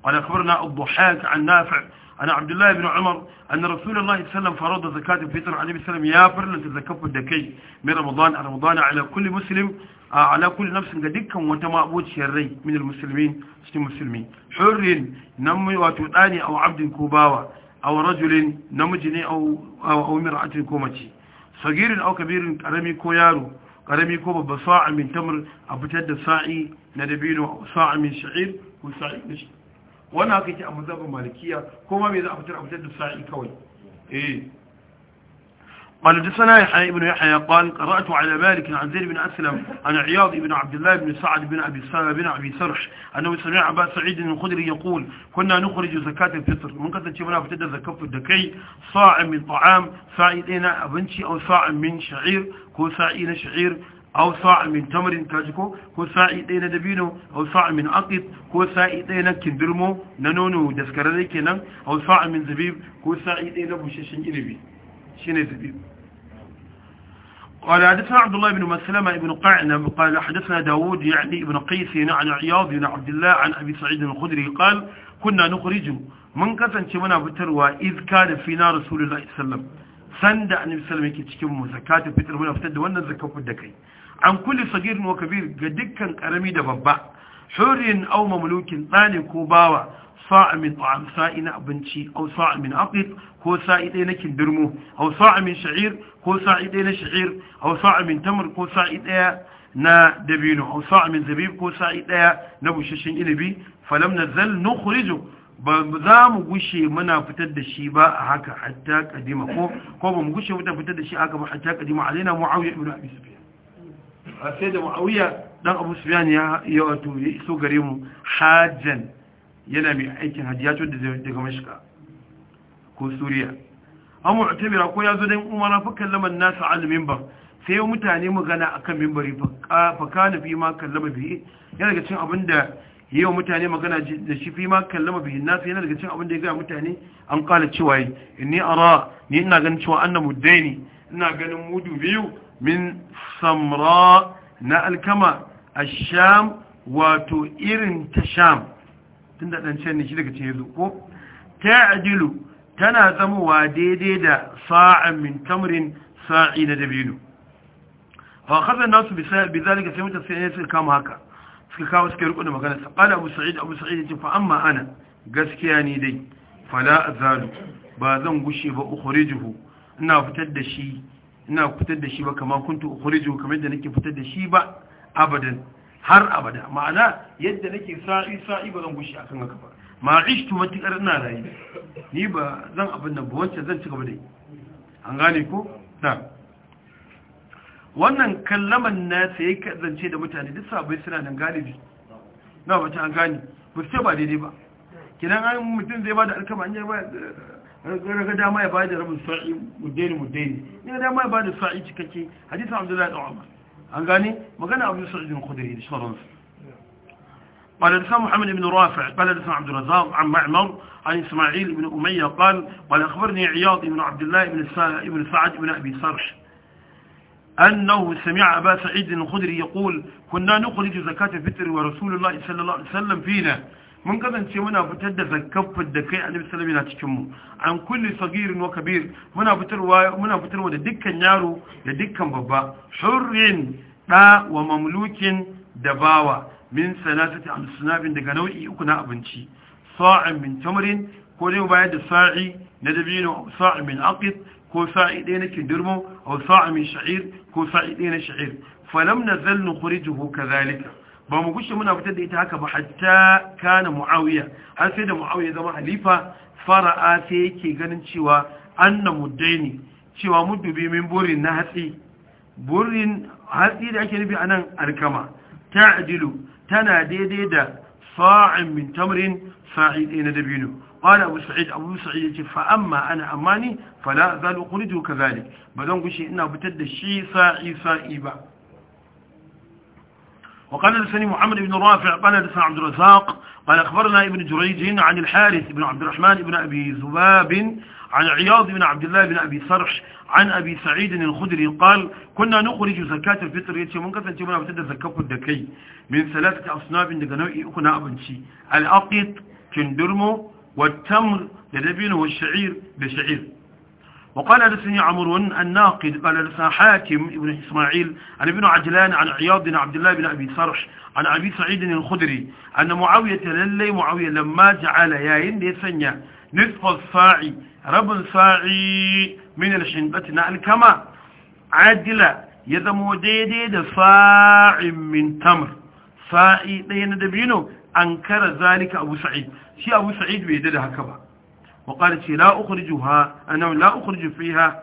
قال abu الضحاك عن نافع ana abdullahi bin umar anna rasulullahi sallam farada zakatul fitr annabi sallam ya farlanta zakafin da kai mai ramadan a ramadan ala kulli muslim ala kulli nafsin ga dukkan wata mabociyar rai min almuslimin cikin musulmi hurrin nan wato dani aw abdin ko bawa rajulin namiji ne aw aw mar'atin ko mace sagirin aw kabirin karami ko yaro karami ko babba sa'a min tamr a da sa'i na dabino wannan haka yake a mazhabin malikiya kuma me za a fitar a fitar da sa'i kawai eh قال حدثنا يحيى بن يحيى قال قرأت على مالك عن زيد بن أسلم عن عياض بن عبد الله بن سعد بن أبي بن أبي سرح أنه سمع أبا سعيد الخدري يقول كنا نخرج زكاة الفطر من كثرة شبنا فتدى زكاة الدكي صاع من طعام ساعدين أبنشي أو صاع من شعير كو ساعين شعير aw sa'a min tamrin tajiko ko sa'i ɗaya na dabino aw sa'a min aqid ko sa'i ɗaya na kindirmo na nono da skararre kenan aw sa'a min zabib ko sa'i ɗaya na busheshin inibi shine zabib قال حدثنا عبد الله بن مسلمة بن قعنب قال حدثنا داود يعني بن قيس عن عياض بن عبد الله عن أبي سعيد الخدري قال كنا نخرج من كسن شمنا بتروى إذ كان فينا رسول الله صلى الله عليه وسلم سند أن النبي صلى الله عليه وسلم زكاة الفطر هنا فتد وانا زكاة الدكي an kulle sagirin wa kabir ga dukkan karami da babba hurin aw mamlukin tsane ko bawa sa'a min ta'am sa'i na abinci aw sa'a min aqiq ko sa'i ɗaya na kindirmo aw sa'a min sha'ir ko sa'i ɗaya na sha'ir aw sa'a min tamr ko sa'i ɗaya na dabino aw sa'a min zabib ko sa'i ɗaya na bushashin inabi falam nazal nukhrijo ba za mu gushe muna fitar da shi ba a haka hatta kadima ko ko ba mu gushe muna fitar da shi haka ba hatta kadima alaina muawiya ibn abi sufyan sai da ma'auya dan abu sufiyan ya yi wato ya iso gare mu hajjan yana mai aikin hajji ya daga mashika ko suriya an mu'tamira ko ya zo dan umara fa kallama nasu al minbar sai mutane magana akan minbari fa kana fi ma kallama bihi yana daga cikin abinda yi wa mutane magana da shi fi ma kallama bihin nasu yana daga cikin abin da ya gaya mutane an kala cewa yi ni ara ni ina ganin cewa an na ina ganin mudu biyu min samra na alkama a sham wato irin ta sham tun da ɗancen ne shi daga ce yanzu ko ta adilu tana zamowa daidai da sa'an min tamrin sa'i na dabino fa kaza nasu bi zalika sai mutum sai suka kama haka suka kawo suke riko da magana sabala abu sa'id abu sa'id ce fa amma ana gaskiya ne dai fala azalu ba zan gushe ba ukhrijuhu ina fitar da shi ina fitar da shi ba kamar kuntu ukhriju kamar da nake fitar da shi ba abadan har abada ma'ana yadda nake sa'i sa'i ba zan gushi akan haka ba ma ishtu matikar ina rayu ni ba zan abin nan ba wacce zan ci gaba dai an gane ko na wannan kallaman na sai ka zance da mutane duk sabai suna nan gane galibi na ba ta an gane ba sai ba daidai ba kidan an mutum zai ba da alkama an yi ba raga dama ya bada rabin sa'i muddeni muddeni ne dama ya bada sa'i cikakke hadisin abdullahi dan umar an gane magana abu sa'id bin khudri da قال لسان محمد بن رافع قال لسان عبد الرزاق عن معمر عن إسماعيل بن أمية قال قال أخبرني عياض بن عبد الله بن سعد بن أبي سرح أنه سمع أبا سعيد الخدري يقول كنا نخرج زكاة الفطر ورسول الله صلى الله عليه وسلم فينا mun kasance muna fitar da zakkafin da kai annabi sallallahu alaihi cikin mu an kulli sagirin wa kabir muna fitarwa muna fitarwa da dukkan yaro da dukkan babba hurrin da wa mamlukin da bawa min salatati amsunabin daga nau'i uku na abinci sa'in min tamrin ko dai bayar da sa'i na dabino sa'in min aqid ko sa'i ɗaya na kindirmo aw sa'in min sha'ir ko sa'i ɗaya na sha'ir falam nazal nukhrijuhu kadhalika ba mu gushe muna fitar da ita haka ba hatta kana muawiya har sai da muawiya zama halifa fara'a sai yake ganin cewa anna muddaini cewa muddubi min burin na hatsi burin hatsi da ake nufi anan arkama ta'dilu tana daidai da sa'in min tamrin sa'i ɗaya na dabino قال أبو سعيد أبو amma فأما أنا أماني فلا أزال أخرجه كذلك gushe ina fitar da shi ساعي ساعي ba. وقال لسني محمد بن رافع قال لسنا عبد الرزاق قال أخبرنا ابن جريج عن الحارث بن عبد الرحمن بن أبي ذباب عن عياض بن عبد الله بن أبي سرح عن أبي سعيد الخدري قال كنا نخرج زكاة الفطر يتي من كثرة من أبتدى زكاة الدكي من ثلاثة أصناف دقنوئي أخنا أبنشي الأقط كندرمو والتمر لدبين والشعير بشعير وقال لسني عمرو الناقد قال حدثنا حاتم بن إسماعيل عن ابن عجلان عن عياض بن عبد الله بن أبي صرح عن أبي سعيد الخدري أن معاوية للي معاوية لما جعل ياين ليسنيا نصف الصاع رب الصاع من الحنبة نقل كما عادلة يزمو ديدي دي صاع من تمر صاع لين دبينو أنكر ذلك أبو سعيد شي أبو سعيد بيدد هكذا wa ce la ukhrijuha ana la ukhriju fiha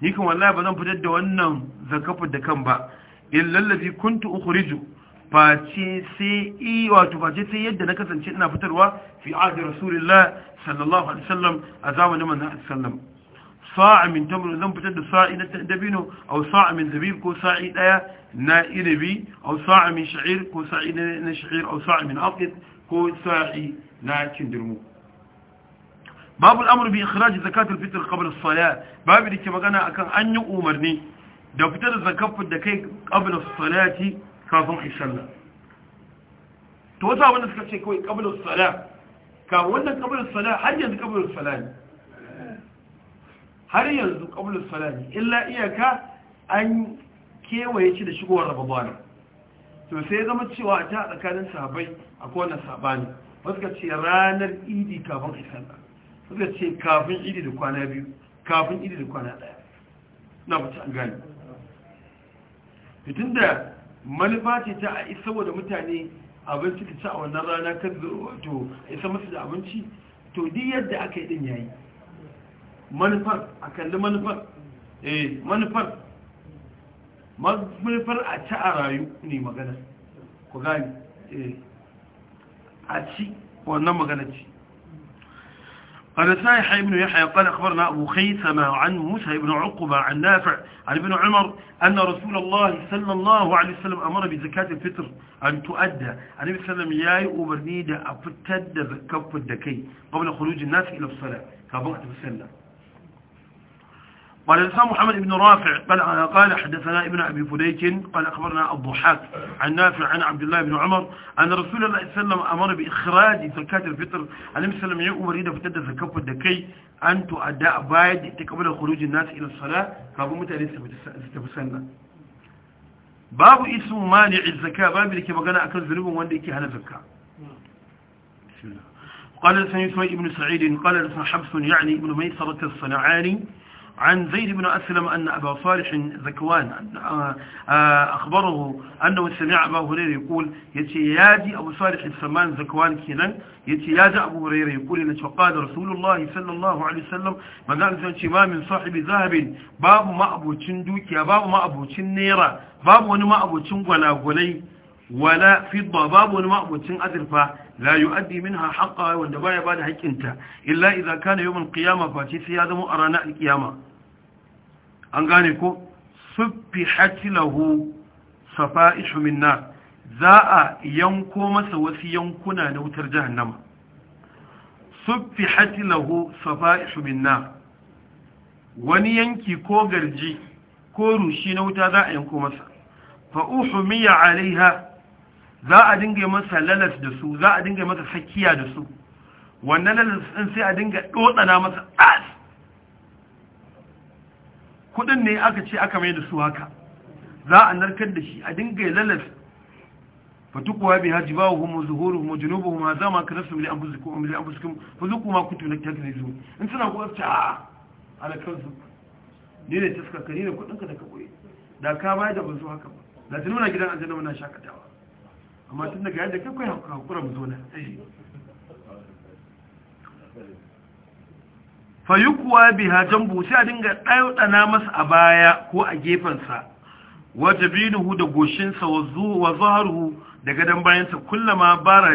ni kan wallahi ba zan fitar da wannan zakafa da kan ba illa allazi kuntu ukhriju face sai wato face sai yadda na kasance ina fitarwa fi ahdi rasulillah sallallahu alaihi wasallam a zamanin manzon sallam sa'a min tamr zan fitar da sa'i na dabino aw sa'a min zabib ko sa'i daya na inabi aw sa'a min sha'ir ko sa'i na sha'ir aw sa'a min aqid ko sa'i na kindirmo babu al'amur bi ikhraj zakatul fitr qabla as-salat babu dake magana akan an yi umarni da fitar zakat da kai qabla as-salati kafin isalla to wata abin da suka ce kai qabla as-salat ka wannan qabla as-salat har yanzu qabla as ne. har yanzu qabla as-salat illa iyaka an kewaye shi da shigowar ramadan to sai ya zama cewa ta tsakanin sahabbai akwai wannan sabani wasu ka ce ranar idi kafin isalla suka ce kafin idi da kwana biyu kafin idi da kwana daya na mutu an gani fitin da manufa ce ta a isa wa da mutane abinci da ta a wannan rana kan to isa masu da abinci to di yadda aka yi din yayi manufar a kalli manufar eh manufar manufar a ci a rayu ne magana ku gani eh a ci wannan magana ci قال سائح بن يحيى قال أخبرنا أبو خيثمة عن موسى بن عقبة عن نافع عن ابن عمر أن رسول الله صلى الله عليه وسلم أمر بزكاة الفطر أن تؤدى عن ابن سلم ياي أفتد زكاة الدكي قبل خروج الناس إلى الصلاة كابوقت في السلام قال الإمام محمد بن رافع قال قال حدثنا ابن أبي فديك قال أخبرنا الضحاك عن نافع عن عبد الله بن عمر أن رسول الله صلى الله عليه وسلم أمر بإخراج زكاة الفطر النبي صلى الله عليه وسلم أريد فتد زكاة الدكي أن تؤدى بعد تقبل خروج الناس إلى الصلاة فأبو متى تفسنا باب اسم مانع الزكاة باب لكي بغانا أكل ذنوب وان لكي هنا زكاة قال لسان ابن سعيد قال لسان حبس يعني ابن ميسرة الصنعاني عن زيد بن أسلم أن أبا صالح ذكوان آه، آه، أخبره أنه سمع أبا هريرة يقول يتيادي أبو صالح السمان ذكوان كنا يتيادي أبو هريرة يقول إن فقال رسول الله صلى الله عليه وسلم ما قال ما من صاحب ذهب باب ما أبو تندوك باب ما أبو تنيرة باب ما أبو تنغلا غلي wala fidda babu wani ma'abucin azurfa la min minha haqqaha wanda baya bada haƙƙinta illa iza kana yawmul qiyamah fa face sai ya zama a ranar alƙiyama an gane ko suffihat lahu safa'ihu min za a yanko masa wasu yankuna na wutar jahannama suffihat lahu safa'ihu min wani yanki ko garji ko rushi na wuta za a yanko masa fa'uhu miya alaiha za a dinga masa lalas da su za a dinga masa sakiya da su wannan lalas ɗin sai a dinga dotsana masa as kudin ne aka ce aka mai da su haka za a narkar da shi a dinga lalas wa bi hajibahu ba hu zuhuru mu junubu ma za ma kana li anfusikum um li anfusikum fuzuku ma kuntu la tadrizu in suna ko ta ala kansu ne ne taskaka ne kudin ka da ka koyi da ka bai da bazu haka ba da tununa gidan aljanna muna shakatawa amma tun daga yadda kakwai hakura mu zauna fayukuwa biha jambu sai a dinga ɗayaɗana masa a baya ko a gefensa wata binuhu da goshinsa wa zuharhu da gadon bayansa kullama bara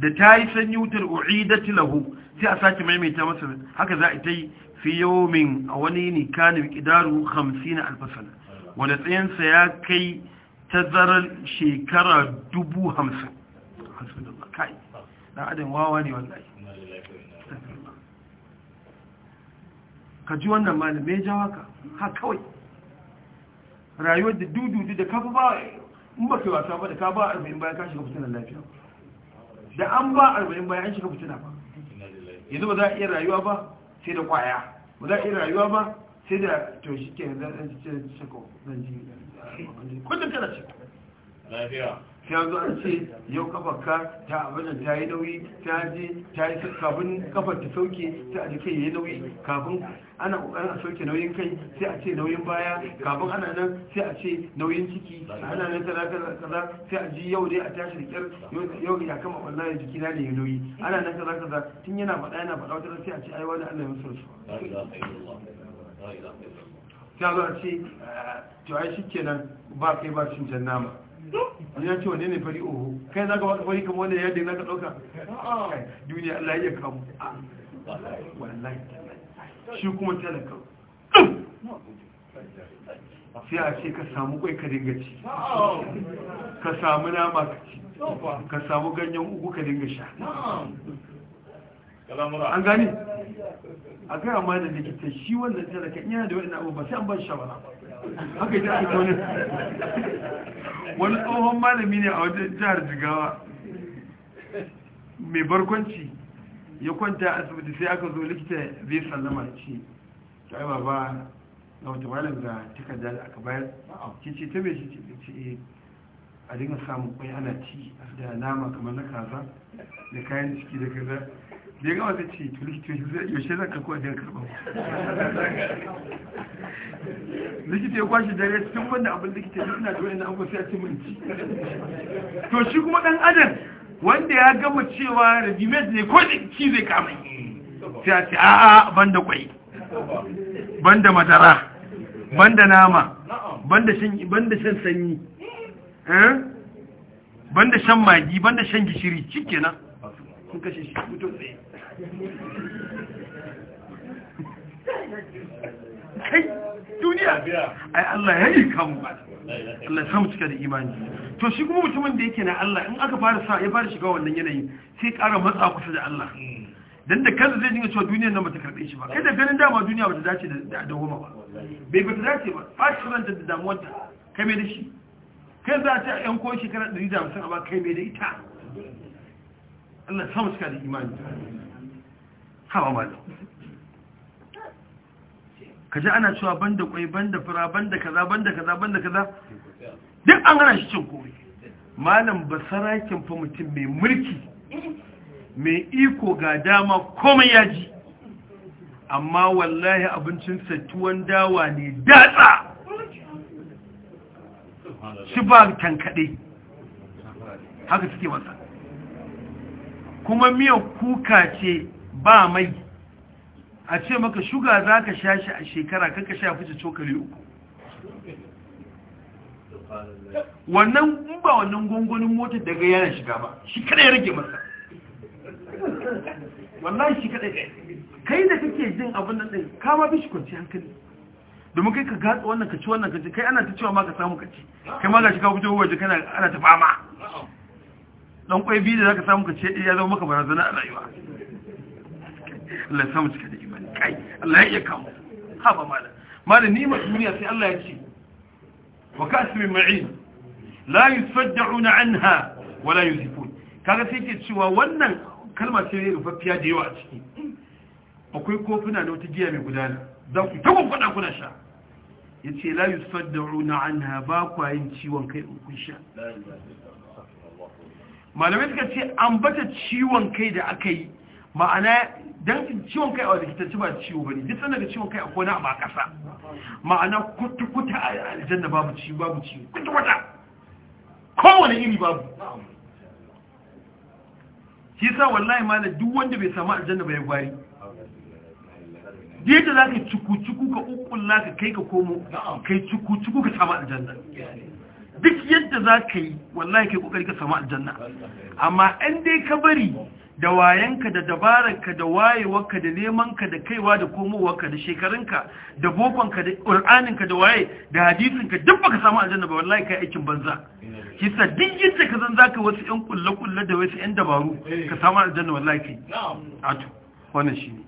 da ta yi sanyi wutar u'idati lahu sai a sake maimaita masa haka za a ta yi fi a wani ne kanin ƙidaru hamsin alfasana wanda tsayensa ya kai tazarar shekara dubu hamsin kai ɗan adam wawa ne wallahi ka ji wannan malamai ja ka, ha kawai rayuwar da dududu da kafa ba in ba kai wasa ba da ka ba arba'in bayan ka shiga fitinan lafiya da an ba arba'in bayan an shiga fitina ba yanzu ba za a iya rayuwa ba sai da kwaya ba za a iya rayuwa ba sai da to shi ke zan ji kullum yanzu an ce yau kafarka ta abin ta yi nauyi ta je ta yi kafin kafar ta sauke ta a kai yi nauyi kafin ana kokarin a sauke nauyin kai sai a ce nauyin baya kafin ana nan sai a ce nauyin ciki ana nan kaza kaza sai a ji yau dai a tashi da kyar yau ya kama wallahi jiki na ne nauyi ana nan kaza kaza tun yana faɗa yana faɗa wata sai a ce ai wani Allah ya musu rasu ta zo ce eh, to ai nan ba kai ba cin jan nama ya ce wanne ne fari oho kai za ka wata fari kamar wanda ya daina ka ɗauka duniya Allah ya kamu wallahi shi kuma talaka sai a ce ka samu kwai ka dinga ci ka samu nama ka ci ka samu ganyen uku ka dinga sha an gani a kai amma da likita shi wannan kan yana da wani ba sai an ban shawara haka ita ake wani wani tsohon malami ne a wajen jihar jigawa mai barkwanci ya kwanta a asibiti sai aka zo likita zai sallama ce ta ba ba na wata malam ga takarda da aka bayar a ce ta mai shi ce eh, a dinga samun kwai ana ci da nama kamar na kaza da kayan ciki da kaza da ya gama zai ce yaushe zan karko ajiyar karɓar likita ya kwashe dare cikin wanda abin likita ya suna da wani abu sai a ce manci to shi kuma ɗan adam wanda ya gama cewa regimet ne ko ci zai kama sai a ce a'a banda kwai banda madara banda nama banda shan sanyi eh, banda shan magi banda shan gishiri cike sun kashe shi mutum tsaye kai duniya ai Allah ya yi kamun ba Allah samu cika da imani to shi kuma mutumin da yake na Allah in aka fara sa ya fara shiga wannan yanayi sai ƙara matsa kusa da Allah dan da kansa zai dinga cewa duniyar nan bata karbe shi ba kai da ganin dama duniya bata dace da dawoma ba bai bata dace ba ba shi ranta da damuwar ta kai mai da shi kai za ta yan ko shekara 150 amma kai mai da ita Allah samu cika da imani hawa malam ka ji ana cewa banda kwai banda fura banda kaza banda kaza banda kaza duk an gana shi cin kori malam ba sarakin fa mutum mai mulki mai iko ga dama komai ya ji amma wallahi abincin tuwon dawa ne datsa shi ba tankaɗe haka suke wasa kuma miyan kuka ce ba mai a ce maka shuga za ka sha shi a shekara kaka sha fice cokali uku wannan in ba wannan gungunin motar daga yana shiga ba shi kada ya rage masa wannan shi kada kai da kake jin abin nan ɗin kama bi shi kwanci hankali domin kai ka gatsa wannan kaci wannan kaci kai ana ta cewa ma ka samu kaci kai ma ga shi kawo fito waje kana ana ta fama dan kwai biyu da zaka samu kaci ya zama maka barazana a rayuwa Allah ya samu cika da imani kai Allah ya iya kamo haba mala mala ni ma duniya sai Allah ya ce wa kasu min ma'in la yusaddauna anha wala yuzifun kaga sai ke cewa wannan kalma ce rufaffiya da yawa a ciki akwai kofuna da wata giya mai gudana za ku ta kwakwada kuna sha ya ce la yusaddauna anha ba kwa yin ciwon kai in kun sha malamai suka ce an bata ciwon kai da aka yi ma'ana dan ciwon kai a likitanci ba ciwo bane duk sanar da ciwon kai a kona ba kasa ma'ana kutu kuta a aljanna babu ciwo babu ciwo kutu kowane iri babu shi sa wallahi ma duk wanda bai samu aljanna bai gwari yadda za ka cuku-cuku ka ukulla ka kai ka komo kai cuku-cuku ka samu aljanna duk yadda za ka yi wallahi kai kokari ka samu aljanna amma in dai ka bari da wayanka da dabararka da wayewarka da nemanka da kaiwa da komowarka da shekarunka da bokonka da ƙur'aninka da waye da hadisinka duk baka samu aljanna ba wallahi kai aikin banza kisa duk yadda ka san zaka wasu ƴan kulle kulle da wasu ƴan dabaru ka samu aljanna wallahi kai ato wannan shine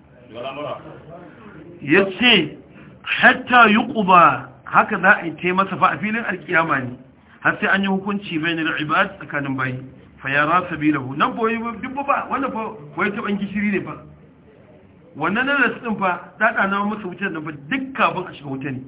yace hatta yuquba haka za a yi masa fa a filin alkiyama ne har sai an yi hukunci bainul ibad tsakanin bayi fa yara sabilahu nan fa boye dubba ba wannan fa wai taban gishiri ne fa wannan nan da din fa dada na musu wutar da fa dukkan ban a shiga wuta ne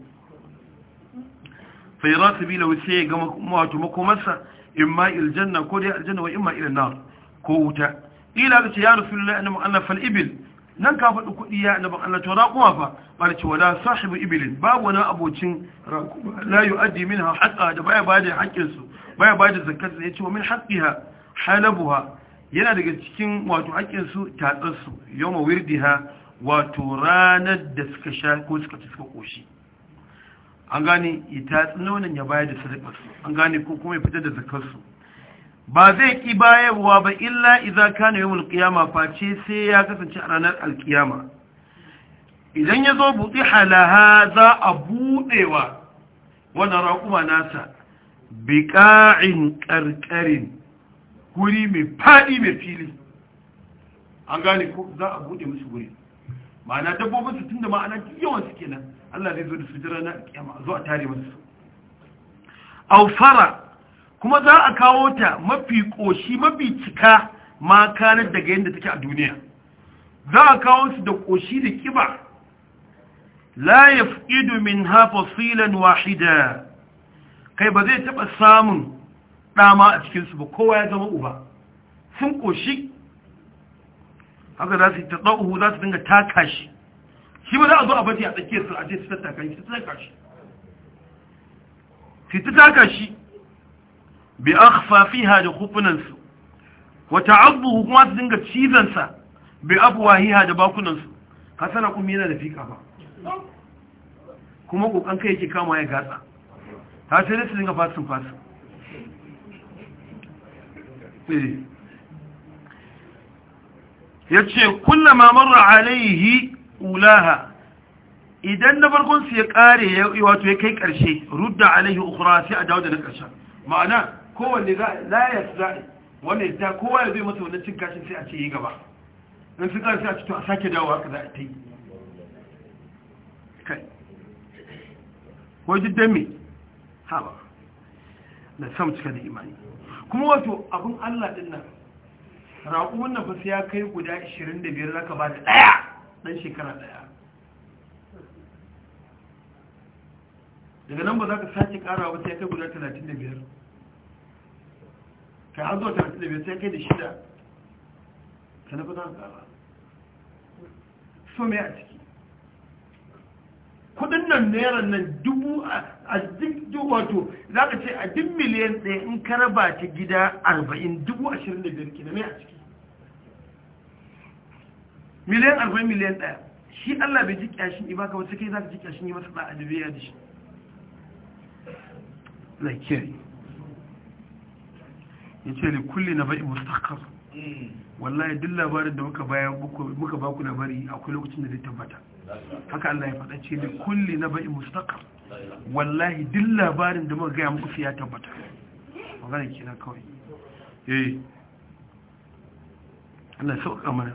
fa yara sabilahu sai ga wato makomarsa imma iljanna ko dai aljanna wa imma ila nar ko wuta ila ga ce ya rasulullahi annabi Allah fal ibil nan ka faɗi kuɗi ya annabi Allah to raquma fa barci wala sahibu ibilin babu wani abocin raquma la yu'addi minha haqqa da baya bada haƙƙin su baya bada zakat ne ce min haqqiha halabuha yana daga cikin wato su tatsarsu yau ma wirdiha wato ranar da suka sha ko suka ci suka ƙoshi an gane ita nonon ya bayar da sadakarsu an gane ko kuma ya fitar da zakarsu ba zai ƙi bayarwa ba illa iza kana yawon alƙiyama face sai ya kasance a ranar alƙiyama idan ya zo buɗi halaha za a buɗewa wannan raƙuma nasa biƙa'in ƙarƙarin guri mai faɗi mai fili an gane ko za a buɗe musu guri ma'ana dabbobin su tun da ma'ana yawan su kenan Allah zai zo da su na kiyama zo a tare musu aufara kuma za a kawo ta mafi ƙoshi mafi cika ma kanar daga yadda take a duniya za a kawo su da ƙoshi da kiba la min minha fasilan wahida kai ba zai taɓa samun ɗama a cikinsu ba kowa ya zama uba sun ƙoshi haka za su yi ta za su dinga taka shi shi ba za a zo a bace a tsakiyar su a ce su tattaka shi su taka shi su ta taka shi bi akhfa fiha da hufunansu wa ta'adduhu kuma su dinga cizansa bi afwahiha da bakunansu ka sana kuma yana da fika ba kuma kokan kai yake kama ya gatsa ta sai su dinga fasin fasin ya ce kulla mamar alaihi ulaha idan na farkon su ya kare wato ya kai karshe rudda alaihi ukura sai a dawo da na karshen ma'ana kowanne layar za'i wanda ya ta kowa ya zai mutu wannan cin gashin sai a ce yi gaba don su kare sai a ce to a sake dawo haka za a ta yi kai ko duk don me haɓa na samun cika da imani kuma wato abin Allah din nan raƙumin nan fasa ya kai guda 25 zaka ba da ɗaya ɗan shekara ɗaya daga nan ba za ka sake ƙara ba sai kai guda 35 kai an 35 sai kai da shida ka ba fi za ka ƙara so mai a kudin nan naira nan dubu a duk wato za ka ce a duk miliyan ɗaya in ka raba ta gida arba'in dubu ashirin da biyar kina mai a ciki miliyan arba'in miliyan ɗaya shi allah bai shi ne ba kawai wata kai za ka jiƙa shi yi masu ɗaya da biya da shi na ya ce da kulle na ba'i mustaƙar hmm. wallahi duk labarin da muka baku labari akwai lokacin da zai tabbata haka Allah ya faɗa ce da kulli na bai mustaqar wallahi duk labarin da muka gaya muku ya tabbata magana kenan kawai eh Allah ya sauka mana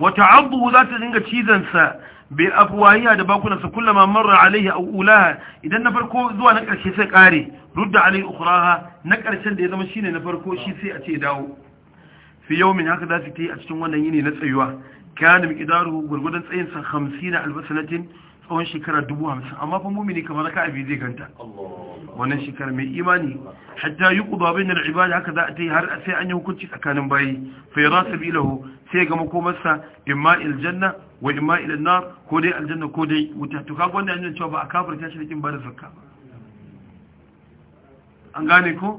wata abu za ta dinga cizansa bai abuwayiya da bakunansa kullama marar alaihi a ulaha idan na farko zuwa na ƙarshe sai ƙare rudda alaihi ukuraha na ƙarshen da ya zama shine na farko shi sai a ce dawo fi yau min haka za su ta yi a cikin wannan yini na tsayuwa kana miqdaru gurgudan tsayin sa 50 albasanatin tsawon shekara 50 amma fa mu'mini kamar ka abi zai ganta wannan shekara mai imani hatta yuqda bain al-ibad haka za ta yi har sai an yi hukunci tsakanin bayi fa yara bilahu sai ga makomarsa imma janna wa imma ila nar ko dai aljanna ko dai wuta to kaga wannan yana cewa ba a kafirta shi cikin bada zakka an gane ko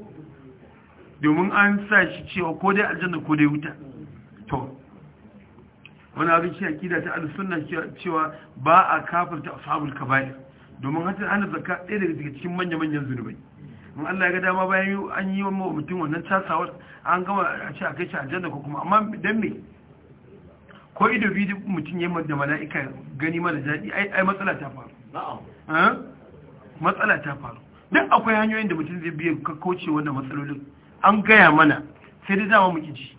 domin an sa shi cewa ko dai aljanna ko dai wuta to wani abin shi akida ta al-sunna cewa ba a kafirta ashabul kaba'ir domin hatta hana zakka ɗaya daga cikin manya manyan zunubai in Allah ya ga dama bayan an yi wa mutum wannan tasawar an gama a ce a kai shi aljanna ko kuma amma dan me ko ido biyu mutum ya da mala'ika gani mara jadi ai matsala ta faru eh? matsala ta faru duk akwai hanyoyin da mutum zai biya ka kauce wannan matsalolin an gaya mana sai da dama mu ji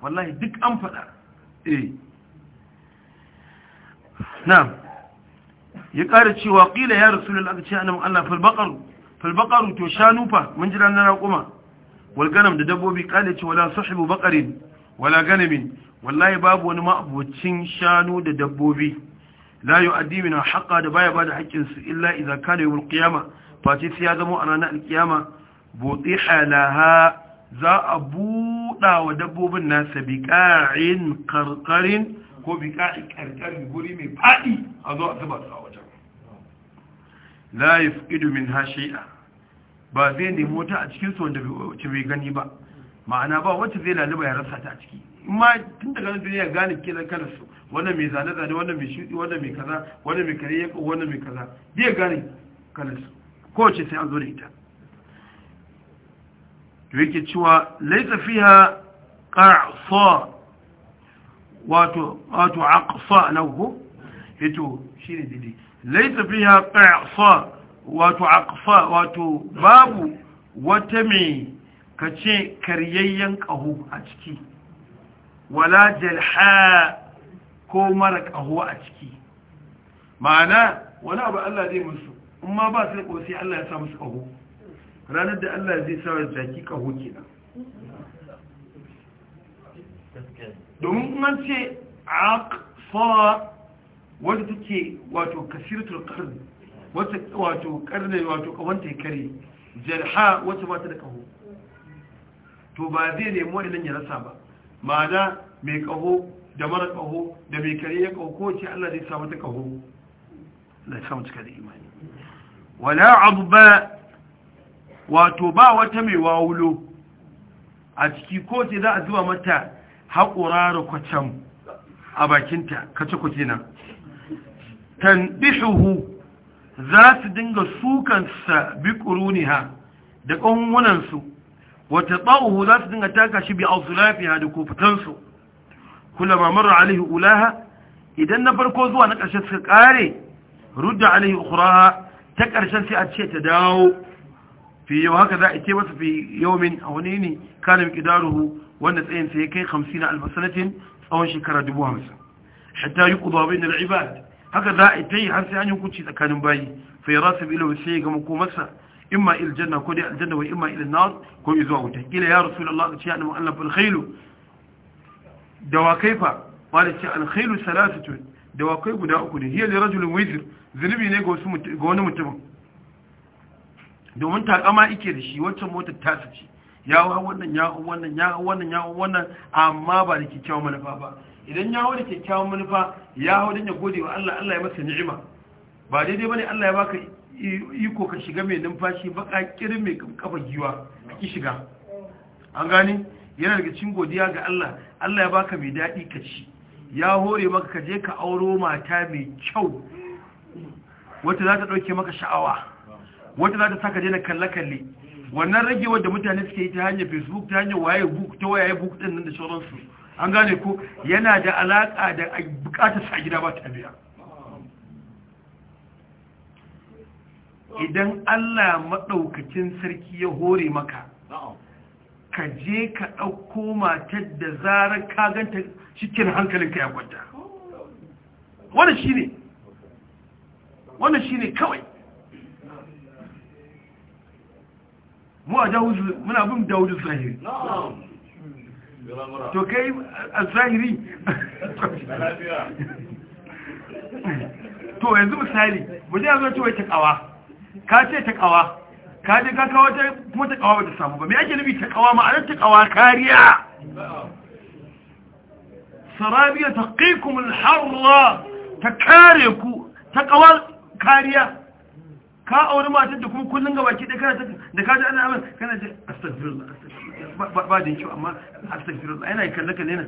wallahi duk an faɗa eh ya ƙara cewa ƙila ya rasu aka ce annabi Allah fil baqaru fil to shanu fa mun jira na raƙuma wal da dabbobi ƙale ce wala sahibu baqarin wala ganamin wallahi babu wani ma'abucin shanu da dabbobi layu yu'addi min haqqa da baya bada hakkin su illa idza kana yawmul qiyama fa ya zama a ranar alqiyama buti halaha za a buɗa wa dabbobin nasa biƙa'in ƙarƙarin, ko biƙa'in ƙarƙarin guri mai faɗi a zo a zuba su a wajen laif idumin hashi'a ba zai nemo ta a cikin su wanda bai gani ba ma'ana ba wacce zai laluba ya rasa ta a ciki ma tun daga nan duniya gane kilan su wannan mai zane-zane wannan mai shuɗi wannan mai kaza wannan mai kare yaƙo wannan mai kaza zai gane su kowace sai an zo da ita to yake cewa laisa fiha qa'sa wato wato aqsa lahu eh yato shine dide laisa fiha qa'sa wato aqsa wato babu wata mai kace karyayyen kaho a ciki wala jalha ko mara kaho a ciki ma'ana wani abu Allah zai musu in ma ba su da ƙosi Allah ya sa musu kaho ranar da Allah zai sa jaki kaho kenan domin an ce aqsa wadda take wato kasiratul qarn wata wato karne wato kawanta ya kare jarha wata ba ta da kaho to ba zai nemi wadannan ya rasa ba ma'ana mai kaho da mara kaho da mai kare ya kaho kowace Allah zai sa mata kaho la samu cika da imani wala ba. wato ba wata mai wawulo a ciki ko ce za a zuwa mata haƙura kwacan a bakinta kace-kwace nan tanbishuhu za su dinga sukansa bi ƙuruniha da ƙungunansu, wata tsa'uhu za su dinga taka shi bi lafiya da kofitansu kula mamarra alaihi ulaha idan na farko zuwa na ƙarshe suka ƙare rudda alaihi ukuraha ta ƙarshen sai a ce ta dawo fi yau haka za a ce masa fi yawmin a wani ne kana miqdaruhu wanda tsayin sa kai 50 albasanatin tsawon shekara 50 hatta yuqda bain al-ibad haka za a yi har sai an yi hukunci tsakanin bayi fa yarasib ila sai ga makomarsa imma ila janna ko dai aljanna wa imma ila nar ko zuwa wuta kila ya rasu a ce annabi Allah da wa kai fa wala ce al da wa kai guda uku ne hiya li rajulin wizr zunubi ne ga wani mutumin domin takama ike da shi waccan motar ta ce ya hau wannan ya hau wannan ya hau wannan ya hau wannan amma ba da kyakkyawan manufa ba idan ya hau da kyakkyawan manufa ya hau don ya Allah Allah ya masa ni'ima ba daidai bane Allah ya baka iko ka shiga mai numfashi baka kirin mai kafa giwa ka ki shiga an gani yana daga cikin godiya ga Allah Allah ya baka mai daɗi ka ci ya hore maka ka je ka auro mata mai kyau wata za ta ɗauke maka sha'awa wata za ta saka daina kalle-kalle wannan rage wadda mutane suke yi ta hanyar facebook ta hanyar waye book ta waye book din nan da sauransu an gane ko yana da alaka da bukatar sa gida ba ta biya idan Allah maɗaukacin sarki ya hore maka ka je ka ɗauko matar da zarar ka ganta cikin hankalinka ya kwanta wannan shi wannan shi ne kawai mu a dawudu muna bin dawudu zahiri to kai a zahiri to yanzu misali waje ya zo ce wai takawa ka ce takawa ka je ka kawo ta kuma takawa ba ta samu ba me ake nufi kawa ma'anar takawa kariya sarabiya taqikum al-harra ta kare ku ta takawa kariya ka auri matar da kuma kullum ga baki ɗaya kana da ka ji ana amin kana ce astagfirullah ba da kyau amma astagfirullah yana yi kalle kalle yana